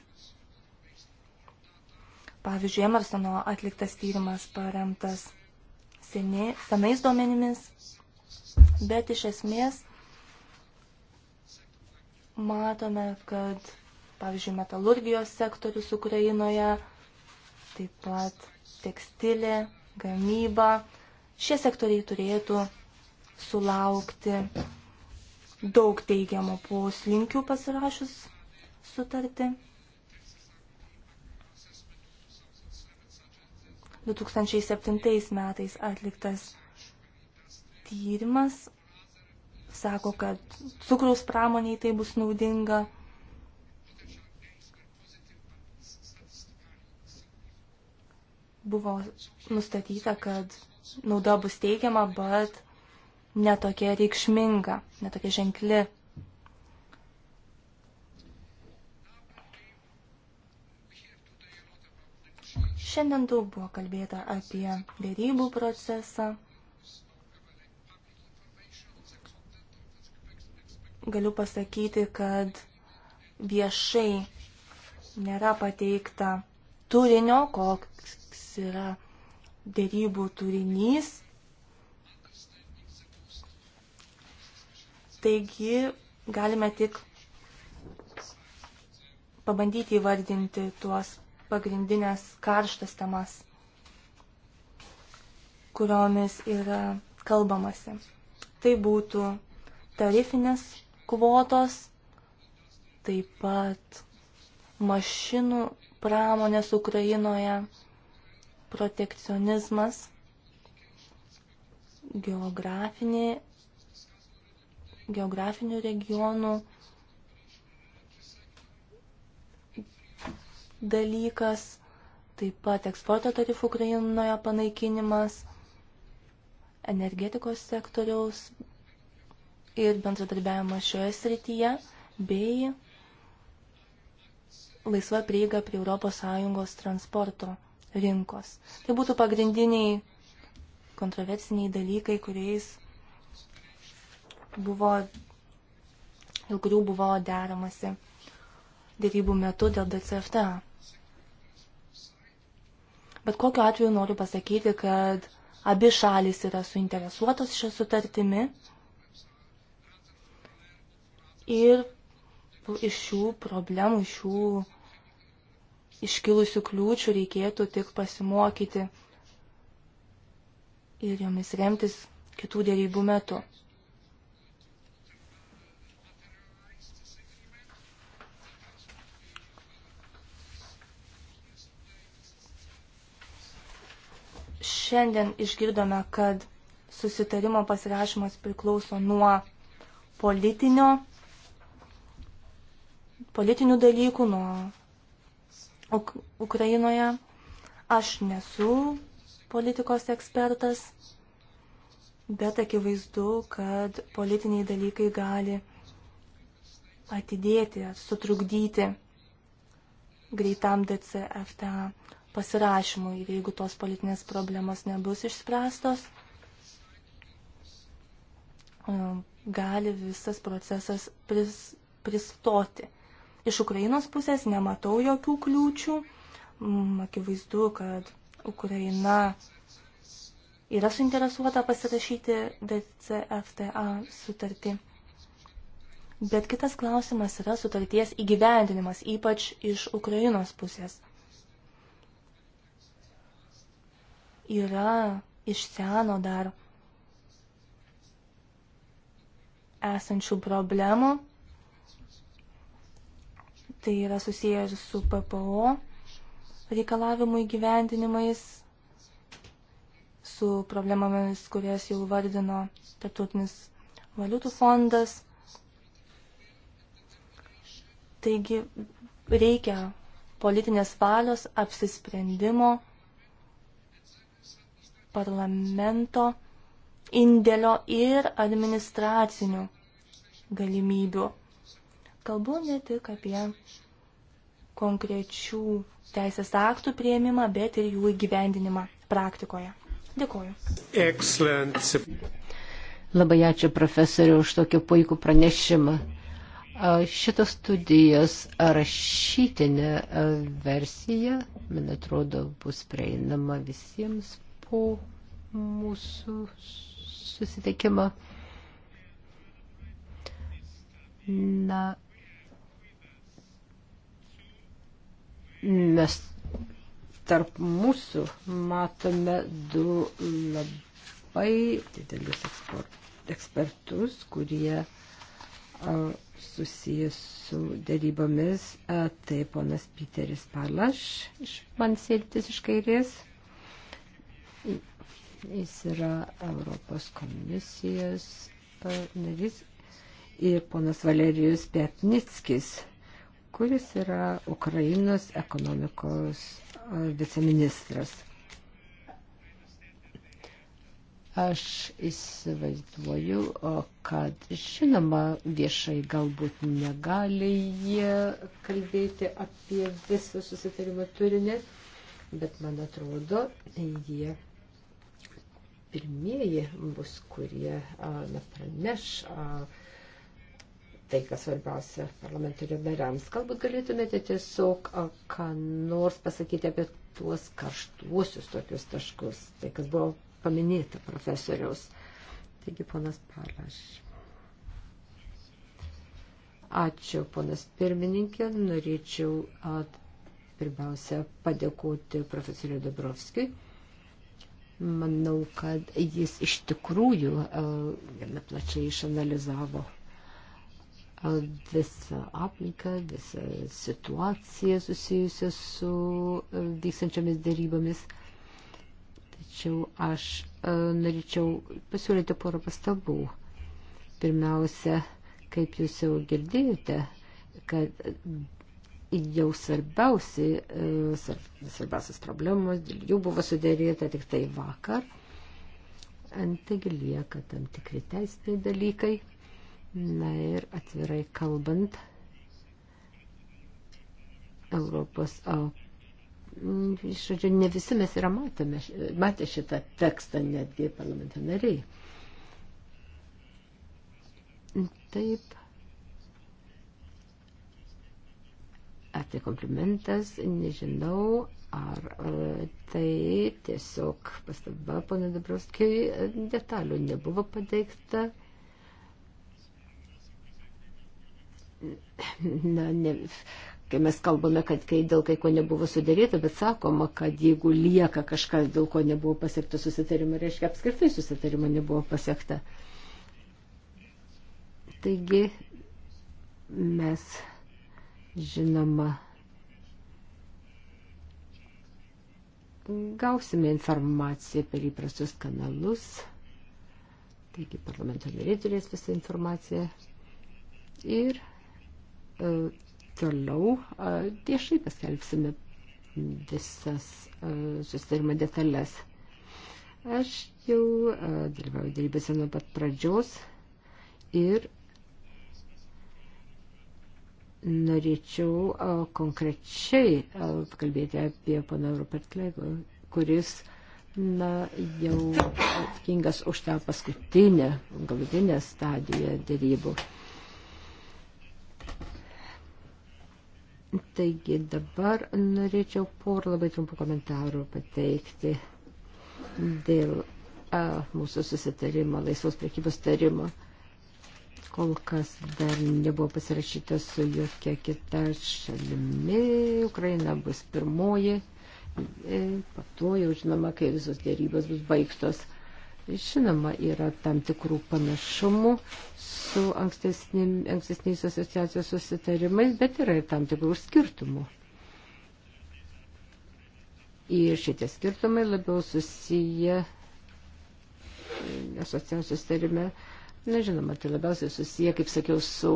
Pavyzdžiui, Emersono atliktas tyrimas paremtas seni, senais duomenimis, bet iš esmės matome, kad, pavyzdžiui, metalurgijos sektorius Ukrainoje, taip pat tekstilė, gamyba. Šie sektoriai turėtų sulaukti daug teigiamo poslinkių pasirašus sutartį. 2007 metais atliktas tyrimas sako, kad cukraus pramoniai tai bus naudinga buvo nustatyta, kad nauda bus teigiama, bet netokia reikšminga, netokia ženkli. Šiandien daug buvo kalbėta apie dėrybų procesą. Galiu pasakyti, kad viešai nėra pateikta turinio, koks yra dėrybų turinys. Taigi galime tik pabandyti įvardinti tuos pagrindinės karštas temas, kuriomis yra kalbamasi. Tai būtų tarifinės kvotos, taip pat mašinų pramonės Ukrainoje protekcionizmas, geografinė, geografinių regionų dalykas, taip pat eksporto tarifų Ukrainoje panaikinimas, energetikos sektoriaus ir bendradarbiavimas šioje srityje, bei laisva prieiga prie ES transporto rinkos. Tai būtų pagrindiniai kontroversiniai dalykai, kuriais buvo, dėl kurių buvo deramasi dėrybų metu dėl DCFT. Bet kokiu atveju noriu pasakyti, kad abi šalis yra suinteresuotos šią sutartimi ir iš šių problemų, iš šių iškilusių kliūčių reikėtų tik pasimokyti ir jomis remtis kitų dėrybų metu. Šiandien išgirdome, kad susitarimo pasirašymas priklauso nuo politinio, politinių dalykų, nuo Uk Ukrainoje. Aš nesu politikos ekspertas, bet akivaizdu, kad politiniai dalykai gali atidėti, sutrukdyti greitam DCFTA pasirašymui, jeigu tos politinės problemos nebus išspręstos, gali visas procesas pris, pristoti. Iš Ukrainos pusės nematau jokių kliūčių. Mm, akivaizdu, kad Ukraina yra suinteresuota pasirašyti DCFTA sutartį. Bet kitas klausimas yra sutarties įgyvendinimas, ypač iš Ukrainos pusės. Yra iš seno dar esančių problemų tai yra susijęs su PPO reikalavimų įgyvendinimais, su problemomis, kurias jau vardino Tartutinis valiutų fondas. Taigi reikia politinės valios apsisprendimo parlamento indėlio ir administracinių galimybių. Kalbu ne tik apie konkrečių teisės aktų prieimimą, bet ir jų įgyvendinimą praktikoje. Dėkuoju. Excellent. Labai ačiū profesoriu už tokį puikų pranešimą. Šitos studijos rašytinė versija, man atrodo, bus prieinama visiems po mūsų susitikimo. Na, Mes tarp mūsų matome du labai didelius ekspertus, kurie susijęs su dėrybomis. Tai ponas Piteris Palaš iš Mansėltis iš kairės. Jis yra Europos komisijos narys. Ir ponas Valerijus Pietnickis kuris yra Ukrainos ekonomikos viceministras. Aš įsivaizduoju, kad žinoma viešai galbūt negali jie kalbėti apie visą susitarimo turinį, bet man atrodo, jie pirmieji bus, kurie na, praneš. A, tai, kas svarbiausia parlamentario nariams. Galbūt galėtumėte tiesiog ką nors pasakyti apie tuos karštuosius tokius taškus, tai, kas buvo paminėta profesoriaus. Taigi, ponas Palaš. Ačiū, ponas pirmininkė. Norėčiau at, pirmiausia padėkoti profesoriui Dobrovskijui. Manau, kad jis iš tikrųjų gana plačiai išanalizavo visą aplinką, visą situaciją susijusią su e, vykstančiamis dėrybomis. Tačiau aš e, norėčiau pasiūlyti porą pastabų. Pirmiausia, kaip jūs jau girdėjote, kad jau svarbiausi, e, svarbiausias problemos, dėl jų buvo sudėrėta tik tai vakar. Taigi lieka tam tikri teisiniai dalykai Na ir atvirai kalbant, Europos, o, iš žodžio, ne visi mes yra matome, matė šitą tekstą netgi parlamento nariai. Taip. Ar tai komplimentas, nežinau, ar e, tai tiesiog pastaba, pana Dabrovskijai, e, detalių nebuvo pateikta na, ne, kai mes kalbame, kad kai dėl kai ko nebuvo sudėrėta, bet sakoma, kad jeigu lieka kažkas, dėl ko nebuvo pasiekta susitarimo, reiškia apskritai susitarimo nebuvo pasiekta. Taigi mes žinoma gausime informaciją per įprastus kanalus. Taigi parlamento nariai turės visą informaciją ir E, toliau e, viešai paskelbsime visas e, susitarimo detalės. Aš jau dalyvauju dėrybėse nuo pat pradžios ir norėčiau konkrečiai kalbėti apie pana Rupertlę, kuris na, jau atsakingas už tą paskutinę, galutinę stadiją dėrybų. Uh, Taigi dabar norėčiau porą labai trumpų komentarų pateikti dėl a, mūsų susitarimo, laisvos prekybos tarimo. Kol kas dar nebuvo pasirašyta su jokia kita šalimi. Ukraina bus pirmoji. E, po to jau žinoma, kai visos dėrybos bus baigtos. Žinoma, yra tam tikrų panašumų su ankstesniais asociacijos susitarimais, bet yra ir tam tikrų skirtumų. Ir šitie skirtumai labiau susiję e, asociacijos susitarime, na žinoma, tai labiausiai susiję, kaip sakiau, su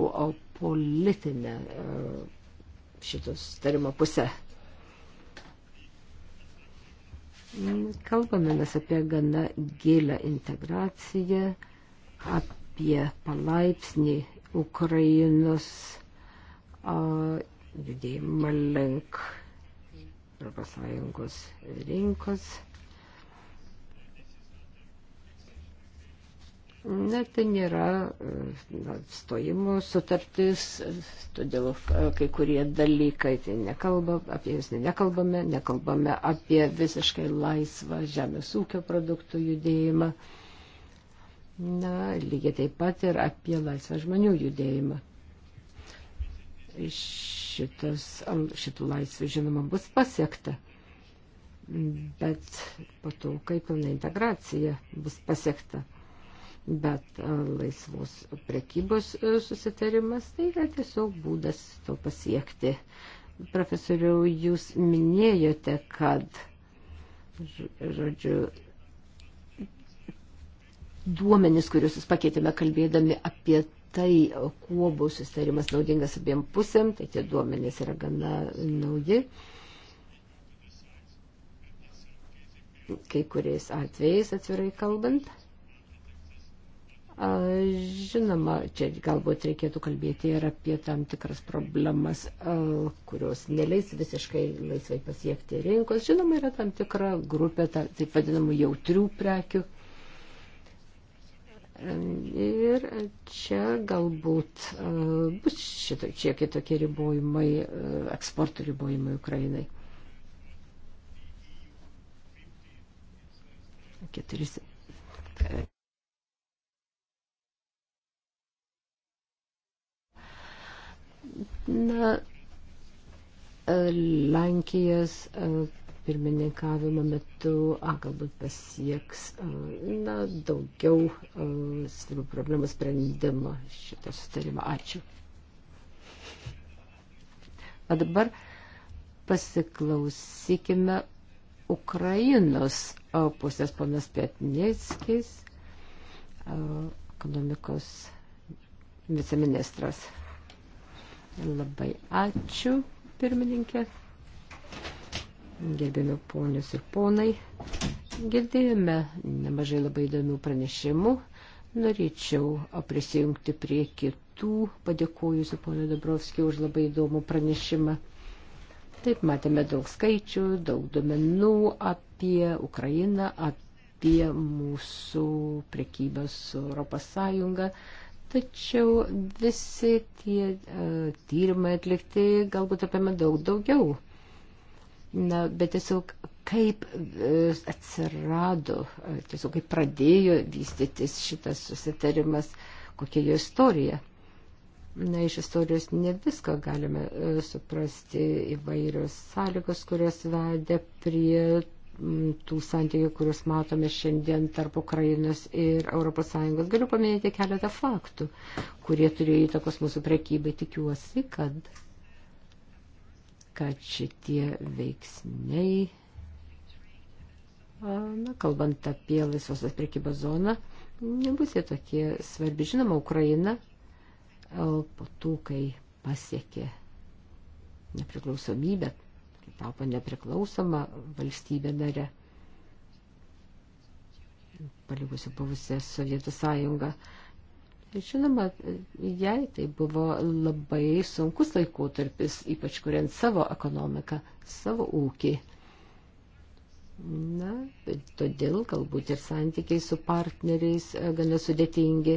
politinė e, šito susitarimo pusė. Kalbame mes apie gana gilę integraciją, apie palaipsnį Ukrainos a, judėjimą link Europos Sąjungos rinkos. Na, ten tai yra e, na, stojimo sutartis, todėl e, kai kurie dalykai ten tai nekalba, apie jas nekalbame, nekalbame apie visiškai laisvą žemės ūkio produktų judėjimą. Na, lygiai taip pat ir apie laisvą žmonių judėjimą. Šitas, šitų laisvių, žinoma, bus pasiekta bet po to, kai pilna integracija bus pasiekta bet e, laisvos prekybos e, susitarimas tai yra tiesiog būdas to pasiekti. Profesoriau, jūs minėjote, kad, žodžiu, duomenys, kuriuos jūs pakeitėme kalbėdami apie tai, kuo bus susitarimas naudingas abiem pusėm, tai tie duomenys yra gana nauji. Kai kuriais atvejais, atvirai kalbant. Žinoma, čia galbūt reikėtų kalbėti ir apie tam tikras problemas, kurios neleis visiškai laisvai pasiekti rinkos. Žinoma, yra tam tikra grupė, taip vadinamų, jautrių prekių. Ir čia galbūt bus šitokie kitokie ribojimai, eksporto ribojimai Ukrainai. 4. Na, e, Lenkijos e, pirmininkavimo metu, a, galbūt pasieks, e, na, daugiau svarbių problemų sprendimo šito sutarimo. Ačiū. O dabar pasiklausykime Ukrainos pusės ponas Pietnieckis, ekonomikos viceministras. Labai ačiū, pirmininkė. Gerbėme ponius ir ponai. Girdėjome nemažai labai įdomių pranešimų. Norėčiau prisijungti prie kitų, padėkojusiu ponio Dabrovskiu už labai įdomų pranešimą. Taip, matėme daug skaičių, daug duomenų apie Ukrainą, apie mūsų prekybą su Europos Sąjunga. Tačiau visi tie uh, tyrimai atlikti galbūt apima daug daugiau. Na, bet tiesiog kaip uh, atsirado, uh, tiesiog kaip pradėjo vystytis šitas susitarimas, kokia jo istorija. Na, iš istorijos ne viską galime uh, suprasti įvairios sąlygos, kurios vedė prie tų santykių, kuriuos matome šiandien tarp Ukrainos ir ES. Galiu paminėti keletą faktų, kurie turėjo įtakos mūsų prekybai. Tikiuosi, kad, kad šitie veiksniai, na, kalbant apie laisvosios prekybos zoną, nebus jie tokie svarbi. Žinoma, Ukraina po tų, kai pasiekė nepriklausomybę tapo nepriklausoma valstybė nare, palikusi buvusią Sovietų sąjungą. Žinoma, jai tai buvo labai sunkus laikotarpis, ypač kuriant savo ekonomiką, savo ūkį. Na, todėl galbūt ir santykiai su partneriais e, gana sudėtingi.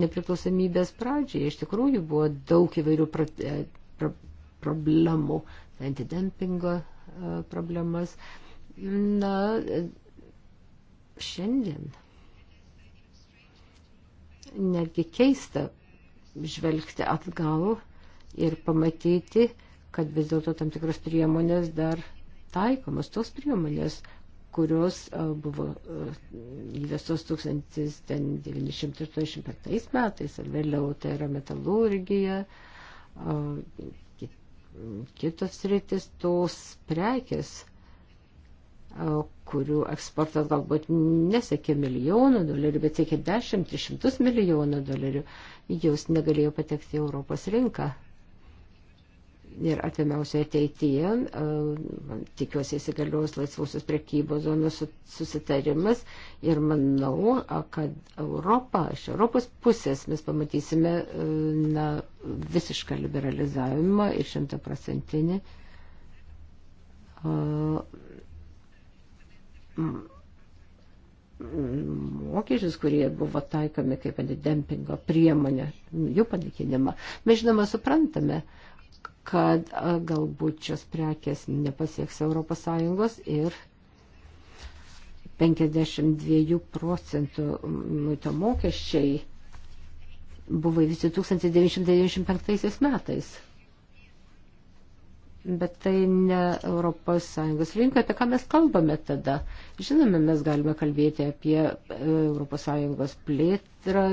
Nepriklausomybės pradžioje iš tikrųjų buvo daug įvairių pro, e, pro, problemų, antidempingo e, problemas. Na, e, šiandien netgi keista žvelgti atgal ir pamatyti, kad vis dėlto tam tikros priemonės dar taikomos, tos priemonės, kurios e, buvo įvestos 1985 metais ar vėliau, tai yra metalurgija, kitos rytis, tos prekės, kurių eksportas galbūt nesiekė milijonų dolerių, bet siekė 10-300 milijonų dolerių, jos negalėjo patekti į Europos rinką ir atvimiausioje ateityje, e, tikiuosi įsigalios laisvosios priekybos zonos susitarimas ir manau, kad Europą, iš Europos pusės mes pamatysime e, na, visišką liberalizavimą ir šimtaprocentinį e, mokesčius, kurie buvo taikomi kaip antidempingo priemonė, jų panaikinimą. Mes žinoma suprantame, uh, kad galbūt šios prekės nepasieks ES ir 52 procentų muito mokesčiai buvo visi 1995 metais. Bet tai ne ES rinka, apie ką mes kalbame tada. Žinome, mes galime kalbėti apie ES plėtrą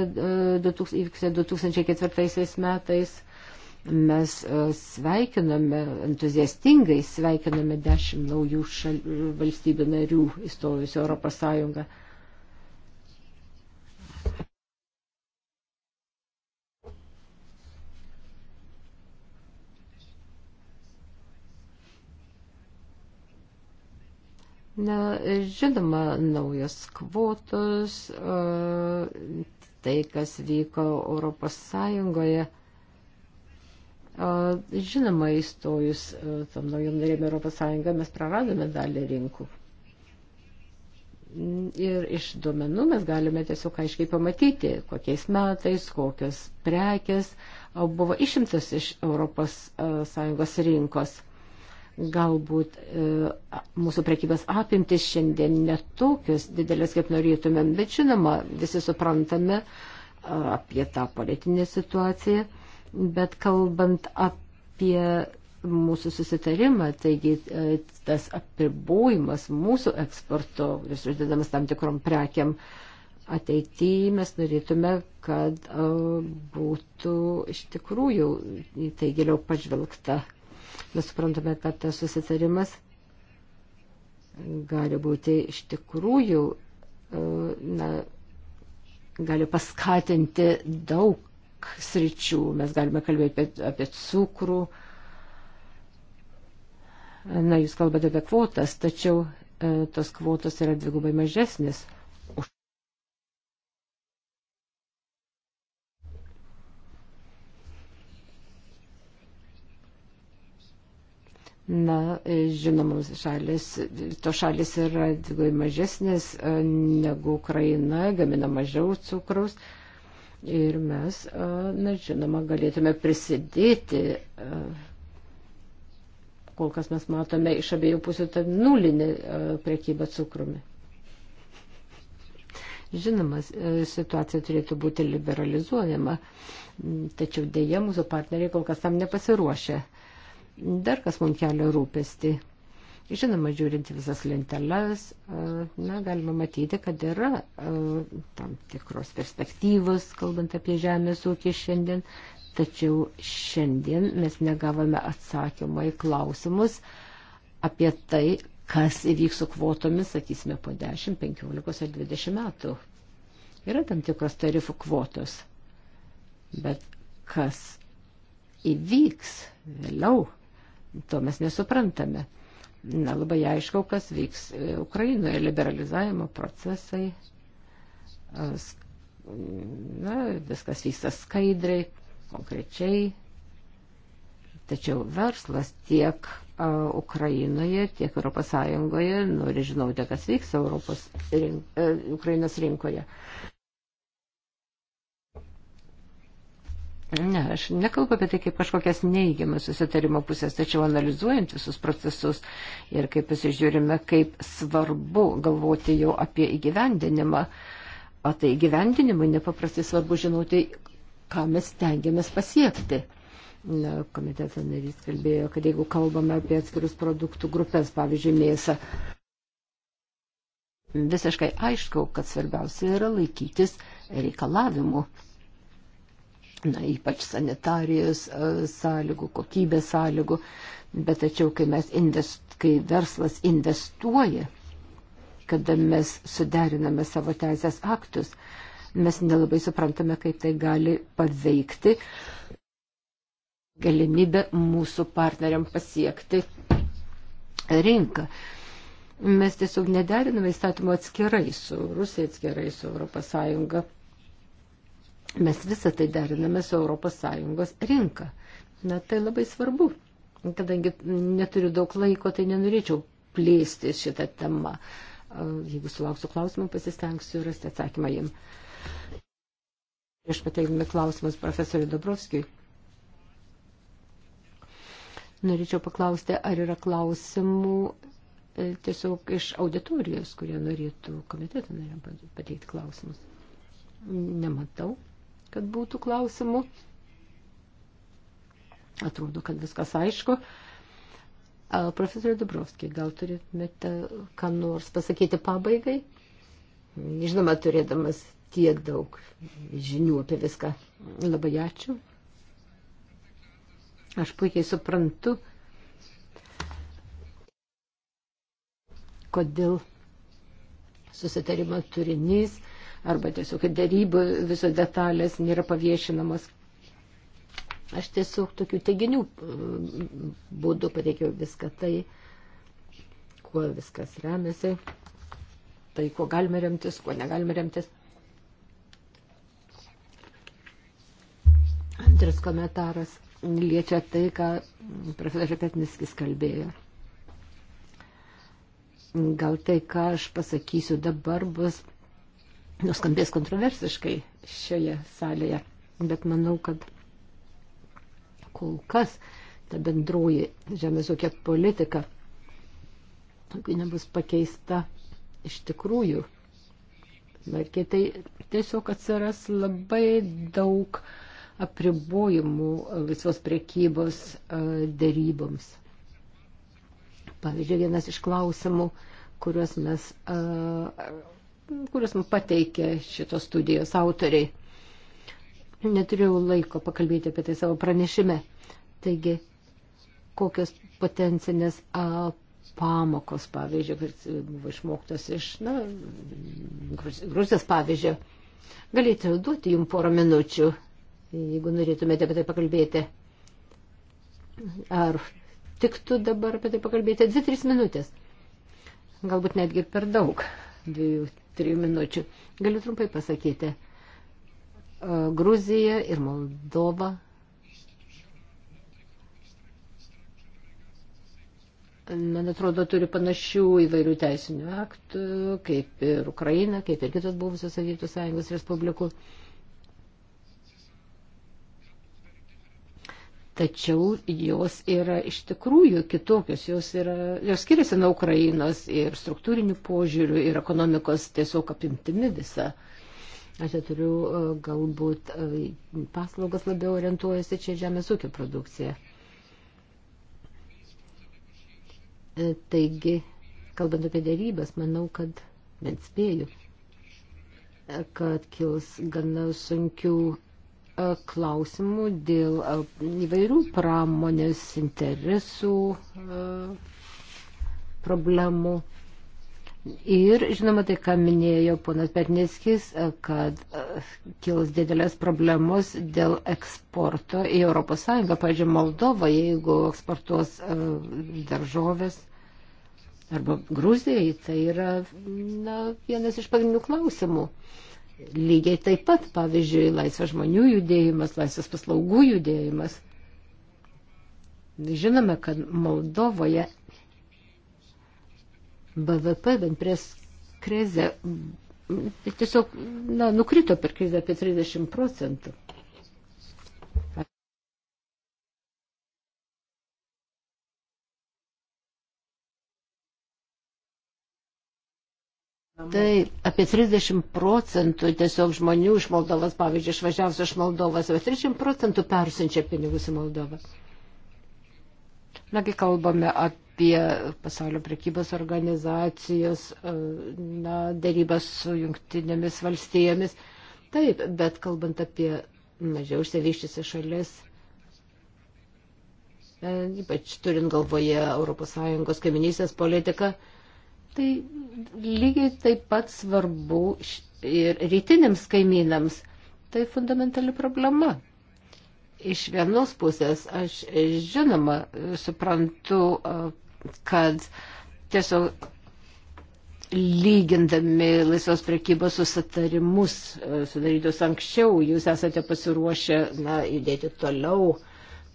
2004 e, metais Mes e, sveikiname, entuziastingai sveikiname dešimt naujų šal, valstybių narių įstojusių Europos Sąjungą. Na, žinoma, naujos kvotos, e, tai, kas vyko Europos Sąjungoje, Žinoma, įstojus tam naujam narėm Europos Sąjungą mes praradome dalį rinkų. Ir iš duomenų mes galime tiesiog aiškiai pamatyti, kokiais metais, kokios prekės buvo išimtas iš Europos Sąjungos rinkos. Galbūt e, mūsų prekybės apimtis šiandien netokios didelės, kaip norėtumėm, bet žinoma, visi suprantame apie tą politinę situaciją Bet kalbant apie mūsų susitarimą, taigi e, tas apribojimas mūsų eksporto, jis uždedamas tam tikrom prekiam, ateityje mes norėtume, kad e, būtų iš tikrųjų į tai giliau pažvelgta. Mes suprantame, kad tas susitarimas gali būti iš tikrųjų, e, na, gali paskatinti daug sričių. Mes galime kalbėti apie, apie cukrų. Na, jūs kalbate apie kvotas, tačiau e, tos kvotos yra dvigubai mažesnis. Na, e, žinomos šalis, to šalis yra dvigubai mažesnės e, negu Ukraina, gamina mažiau cukraus. E, Ir mes, na žinoma, galėtume prisidėti. Kol kas mes matome iš abiejų pusių tą nulinį prekybą cukrumi. Žinoma, situacija turėtų būti liberalizuojama, tačiau dėja mūsų partneriai kol kas tam nepasiruošia. Dar kas mums kelia rūpesti Žinoma, žiūrint visas lenteles, e, na, galima matyti, kad yra e, tam tikros perspektyvos, kalbant apie žemės ūkį šiandien, tačiau šiandien mes negavome atsakymą į klausimus apie tai, kas įvyks su kvotomis, sakysime, po 10, 15 ar 20 metų. Yra tam tikros tarifų kvotos, bet kas įvyks vėliau, to mes nesuprantame na, labai aiškiau, kas vyks Ukrainoje, liberalizavimo procesai, na, viskas vyksta skaidriai, konkrečiai, tačiau verslas tiek Ukrainoje, tiek ES nori žinoti, kas vyks Europos rink, e, Ukrainos rinkoje. Ne, aš nekalbu apie tai kaip kažkokias neįgiamas susitarimo pusės, tačiau analizuojant visus procesus ir kaip pasižiūrime, kaip svarbu galvoti jau apie įgyvendinimą, o tai įgyvendinimui nepaprastai svarbu žinoti, ką mes tengiamės pasiekti. Na, komiteto narys kalbėjo, kad jeigu kalbame apie atskirus produktų grupės, pavyzdžiui, mėsą, visiškai aišku, kad svarbiausia yra laikytis reikalavimų na, ypač sanitarijos e, sąlygų, kokybės sąlygų, bet tačiau, kai, invest, kai verslas investuoja, kada mes suderiname savo teisės aktus, mes nelabai suprantame, kaip tai gali paveikti galimybę mūsų partneriam pasiekti rinką. Mes tiesiog nederiname įstatymo atskirai su Rusija, atskirai su ES Mes visą tai deriname su ES rinka. Na, tai labai svarbu. Kadangi neturiu daug laiko, tai nenorėčiau plėsti šitą temą. Jeigu sulauksiu klausimų, pasistengsiu rasti atsakymą jam. Prieš pateikdami klausimus profesoriui Dobrovskijui. Norėčiau paklausti, ar yra klausimų e, tiesiog iš auditorijos, kurie norėtų komiteto nariam pateikti klausimus. Nematau kad būtų klausimų. Atrodo, kad viskas aišku. Profesorė Dubrovskiai, gal turėtumėte ką nors pasakyti pabaigai? Žinoma, turėdamas tiek daug žinių apie viską. Labai ačiū. Aš puikiai suprantu, kodėl susitarimo turinys arba tiesiog darybų visos detalės nėra paviešinamos. Aš tiesiog tokių teiginių mm, būdų pateikiau viską tai, kuo viskas remiasi, tai kuo galime remtis, kuo negalime remtis. Antras komentaras liečia tai, ką profesorius Petniskis kalbėjo gal tai, ką aš pasakysiu dabar, bus nuskambės kontroversiškai šioje salėje, bet manau, kad kol kas ta bendroji žemės ūkio politika, kai nebus pakeista iš tikrųjų, markiai tai tiesiog atsiras labai daug apribojimų laisvos priekybos dėryboms. Pavyzdžiui, vienas iš klausimų, kuriuos mes kurias mums pateikė šitos studijos autoriai. Neturėjau laiko pakalbėti apie tai savo pranešime. Taigi, kokios potencinės a, pamokos, pavyzdžiui, kuris buvo išmoktas iš, na, Gruzijos pavyzdžio. Galėčiau duoti jums porą minučių, jeigu norėtumėte apie tai pakalbėti. Ar tiktų dabar apie tai pakalbėti? 2-3 minutės. Galbūt netgi per daug dviejų, trijų minučių. Galiu trumpai pasakyti. E, Gruzija ir Moldova man atrodo, turi panašių įvairių teisinių aktų, kaip ir Ukraina, kaip ir kitos buvusios Sovietų Sąjungos Respublikų. Uh, tačiau jos yra iš tikrųjų kitokios, jos, yra, jos skiriasi nuo Ukrainos ir struktūrinių požiūrių, ir ekonomikos tiesiog apimtimi visą. Aš čia turiu e, galbūt e, paslaugas labiau orientuojasi čia žemės ūkio produkcija. E, taigi, kalbant apie dėrybas, manau, kad bent spėju, kad kils gana sunkių E, klausimų dėl e, įvairių pramonės interesų e, problemų. Ir žinoma, tai ką minėjo ponas Petnickis, kad kils didelės problemos dėl eksporto į ES, pažiūrėjau, Moldova, jeigu eksportuos daržovės arba Gruzijai, tai yra na, vienas iš pagrindinių klausimų. Uh, lygiai taip pat, pavyzdžiui, laisvas žmonių judėjimas, laisvas paslaugų judėjimas. Žinome, kad Moldovoje BVP bent prieš krizę tiesiog na, nukrito per krizę apie 30 procentų. Tai apie 30 procentų tiesiog žmonių iš Moldovas, pavyzdžiui, išvažiavusio iš Moldovas, apie 30 procentų persinčia pinigus į Moldovą. Nagi kalbame apie pasaulio prekybos organizacijos, e, na, darybas su jungtinėmis valstijomis. Taip, bet kalbant apie mažiau išsivyščiusi šalis, e, ypač turint galvoje ES kaiminysės politiką, Tai lygiai taip pat svarbu ir rytiniams kaimynams. Tai fundamentali problema. Iš vienos pusės aš žinoma suprantu, kad tiesiog lygindami laisvos prekybos susitarimus sudarytus anksčiau, jūs esate pasiruošę na, judėti toliau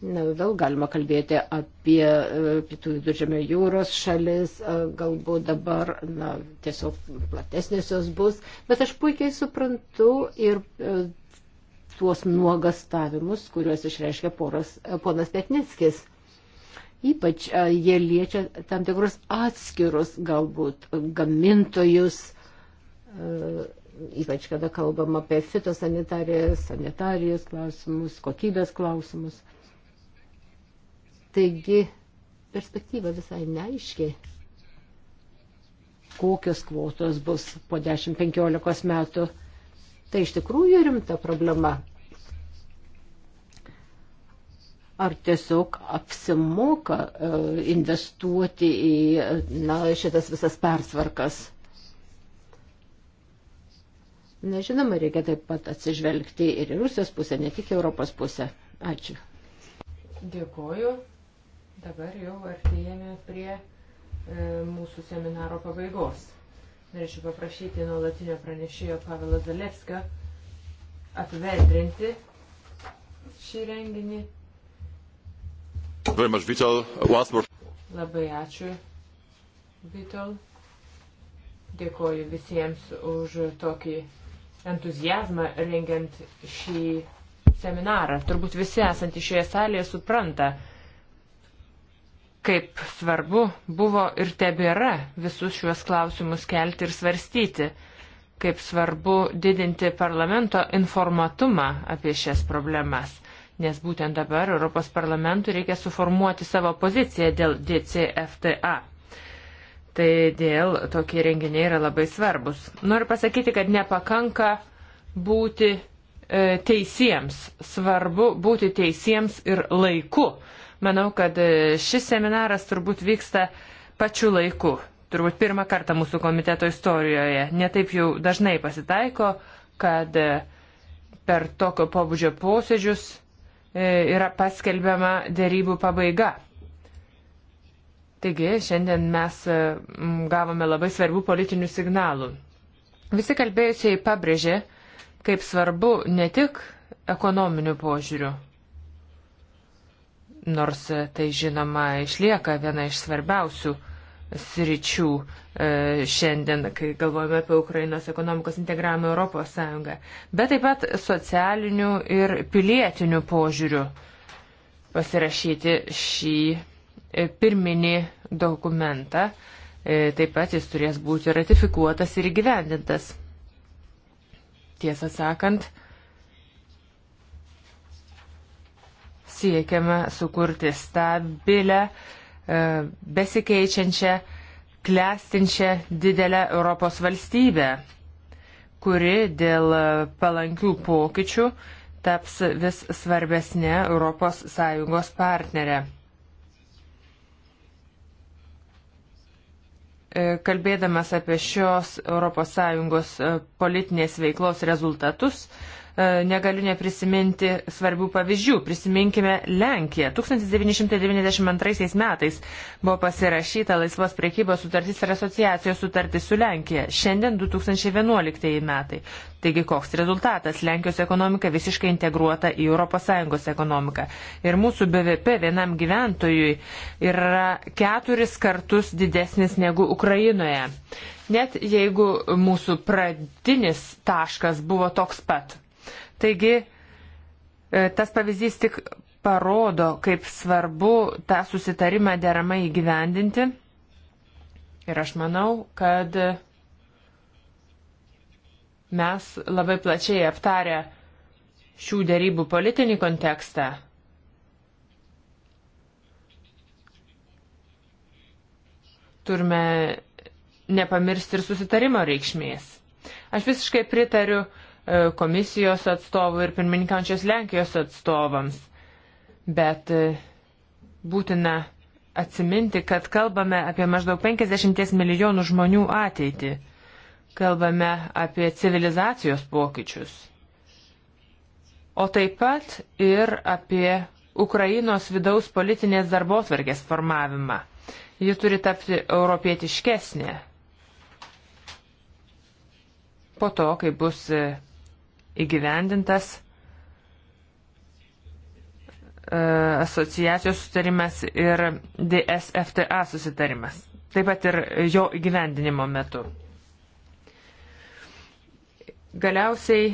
Na, vėl galima kalbėti apie e, pietų viduržėmio jūros šalis, e, galbūt dabar na, tiesiog platesnės jos bus, bet aš puikiai suprantu ir e, tuos nuogastavimus, kuriuos išreiškia poras, ponas Petnickis. Ypač jie liečia tam tikrus atskirus galbūt gamintojus, ypač kada kalbam apie fitosanitarijos, sanitarijos klausimus, kokybės klausimus. Taigi perspektyva visai neaiškiai, kokios kvotos bus po 10-15 metų. Tai iš tikrųjų rimta problema. Ar tiesiog apsimoka e, investuoti į na, šitas visas persvarkas? Nežinoma, reikia taip pat atsižvelgti ir į Rusijos pusę, ne tik Europos pusę. Ačiū. Dėkuoju. Dabar jau artėjame prie e, mūsų seminaro pabaigos. Norėčiau paprašyti nuolatinio pranešėjo Pavelo Zalevską apvedrinti šį renginį. Very much, Vital. Labai ačiū, Vital. Dėkoju visiems už tokį entuzijazmą rengiant šį seminarą. Turbūt visi esantys šioje salėje supranta, kaip svarbu buvo ir tebėra visus šiuos klausimus kelti ir svarstyti, kaip svarbu didinti parlamento informatumą apie šias problemas, nes būtent dabar Europos parlamentui reikia suformuoti savo poziciją dėl DCFTA. Tai dėl tokie renginiai yra labai svarbus. Noriu pasakyti, kad nepakanka būti e, teisiems, svarbu būti teisiems ir laiku. Manau, kad e, šis seminaras turbūt vyksta pačiu laiku. Turbūt pirmą kartą mūsų komiteto istorijoje. Netaip jau dažnai pasitaiko, kad e, per tokio pobūdžio posėdžius e, yra paskelbiama dėrybų pabaiga. Taigi, šiandien mes gavome labai svarbių politinių signalų. Visi kalbėjusiai pabrėžė, kaip svarbu ne tik ekonominių požiūrių, nors tai žinoma išlieka viena iš svarbiausių sričių e, šiandien, kai galvojame apie Ukrainos ekonomikos integravimą Europos Sąjungą, bet taip pat socialinių ir pilietinių požiūrių pasirašyti šį e, pirminį dokumentą. E, taip pat jis turės būti ratifikuotas ir įgyvendintas. Tiesą sakant, siekiama sukurti stabilę, e, besikeičiančią, klestinčią didelę Europos valstybę, kuri dėl palankių pokyčių taps vis svarbesnė ES partnerė. E, kalbėdamas apie šios ES politinės veiklos rezultatus, E, negaliu neprisiminti svarbių pavyzdžių. Prisiminkime Lenkiją. 1992 metais buvo pasirašyta laisvos priekybos sutartis ir asociacijos sutartis su Lenkija. Šiandien 2011 metai. Taigi koks rezultatas? Lenkijos ekonomika visiškai integruota į ES ekonomiką. Ir mūsų BVP vienam gyventojui yra keturis kartus didesnis negu Ukrainoje. Net jeigu mūsų pradinis taškas buvo toks pat, Taigi, e, tas pavyzdys tik parodo, kaip svarbu tą susitarimą deramai įgyvendinti. Ir aš manau, kad mes labai plačiai aptarę šių dėrybų politinį kontekstą. Turime nepamiršti ir susitarimo reikšmės. Aš visiškai pritariu uh, E, komisijos atstovų ir pirmininkančios Lenkijos atstovams. Bet e, būtina atsiminti, kad kalbame apie maždaug 50 milijonų žmonių ateitį. Kalbame apie civilizacijos pokyčius. O taip pat ir apie Ukrainos vidaus politinės darbotvarkės formavimą. Ji turi tapti europietiškesnė. Po to, kai bus e, įgyvendintas e, asociacijos sutarimas ir DSFTA susitarimas, taip pat ir jo įgyvendinimo metu. Galiausiai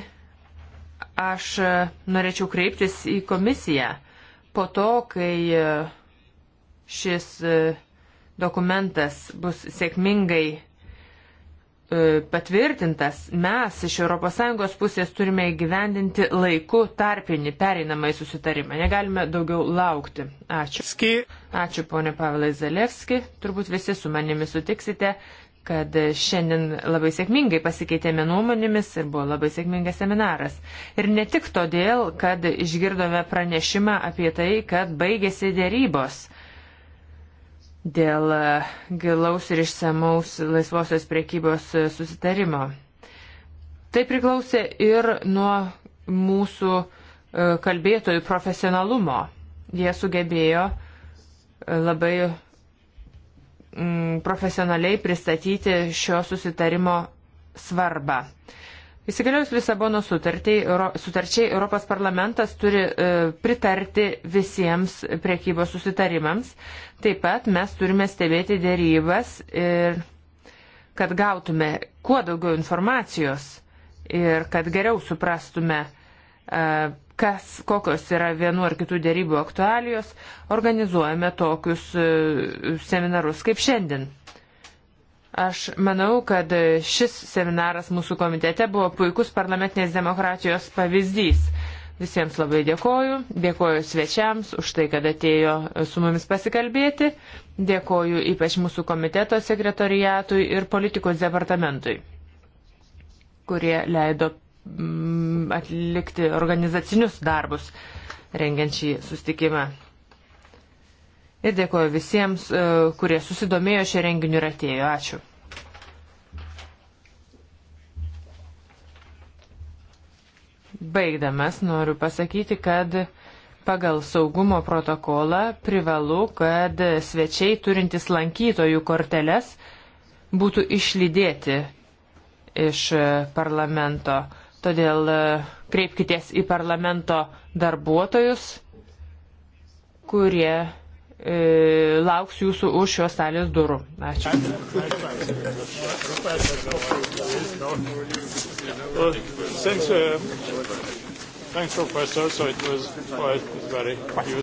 aš norėčiau kreiptis į komisiją po to, kai šis dokumentas bus sėkmingai E, patvirtintas, mes iš ES pusės turime įgyvendinti laiku tarpinį pereinamąjį susitarimą. Negalime daugiau laukti. Ačiū. Ski. Ačiū, ponė Pavelai Zalevski. Turbūt visi su manimi sutiksite, kad šiandien labai sėkmingai pasikeitėme nuomonėmis ir buvo labai sėkmingas seminaras. Ir ne tik todėl, kad išgirdome pranešimą apie tai, kad baigėsi dėrybos dėl e, gilaus ir išsamaus laisvosios priekybos e, susitarimo. Tai priklausė ir nuo mūsų e, kalbėtojų profesionalumo. Jie sugebėjo labai mm, profesionaliai pristatyti šio susitarimo svarbą. Įsigaliojus Lisabono sutarčiai, Europos parlamentas turi e, pritarti visiems priekybos susitarimams. Taip pat mes turime stebėti dėrybas ir kad gautume kuo daugiau informacijos ir kad geriau suprastume, e, kas, kokios yra vienu ar kitų dėrybų aktualijos, organizuojame tokius e, seminarus kaip šiandien. Aš manau, kad šis seminaras mūsų komitete buvo puikus parlamentinės demokratijos pavyzdys. Visiems labai dėkoju, dėkoju svečiams už tai, kad atėjo su mumis pasikalbėti, dėkoju ypač mūsų komiteto sekretoriatui ir politikos departamentui, kurie leido mm, atlikti organizacinius darbus rengiant šį sustikimą. Ir dėkoju visiems, e, kurie susidomėjo šią renginį ir atėjo. Ačiū. Baigdamas noriu pasakyti, kad pagal saugumo protokolą privalu, kad svečiai turintys lankytojų korteles būtų išlydėti iš e, parlamento. Todėl e, kreipkitės į parlamento darbuotojus, kurie E, lauks jūsų už šios salės durų. Ačiū. Well, thanks, uh, thanks, Professor. So it was quite very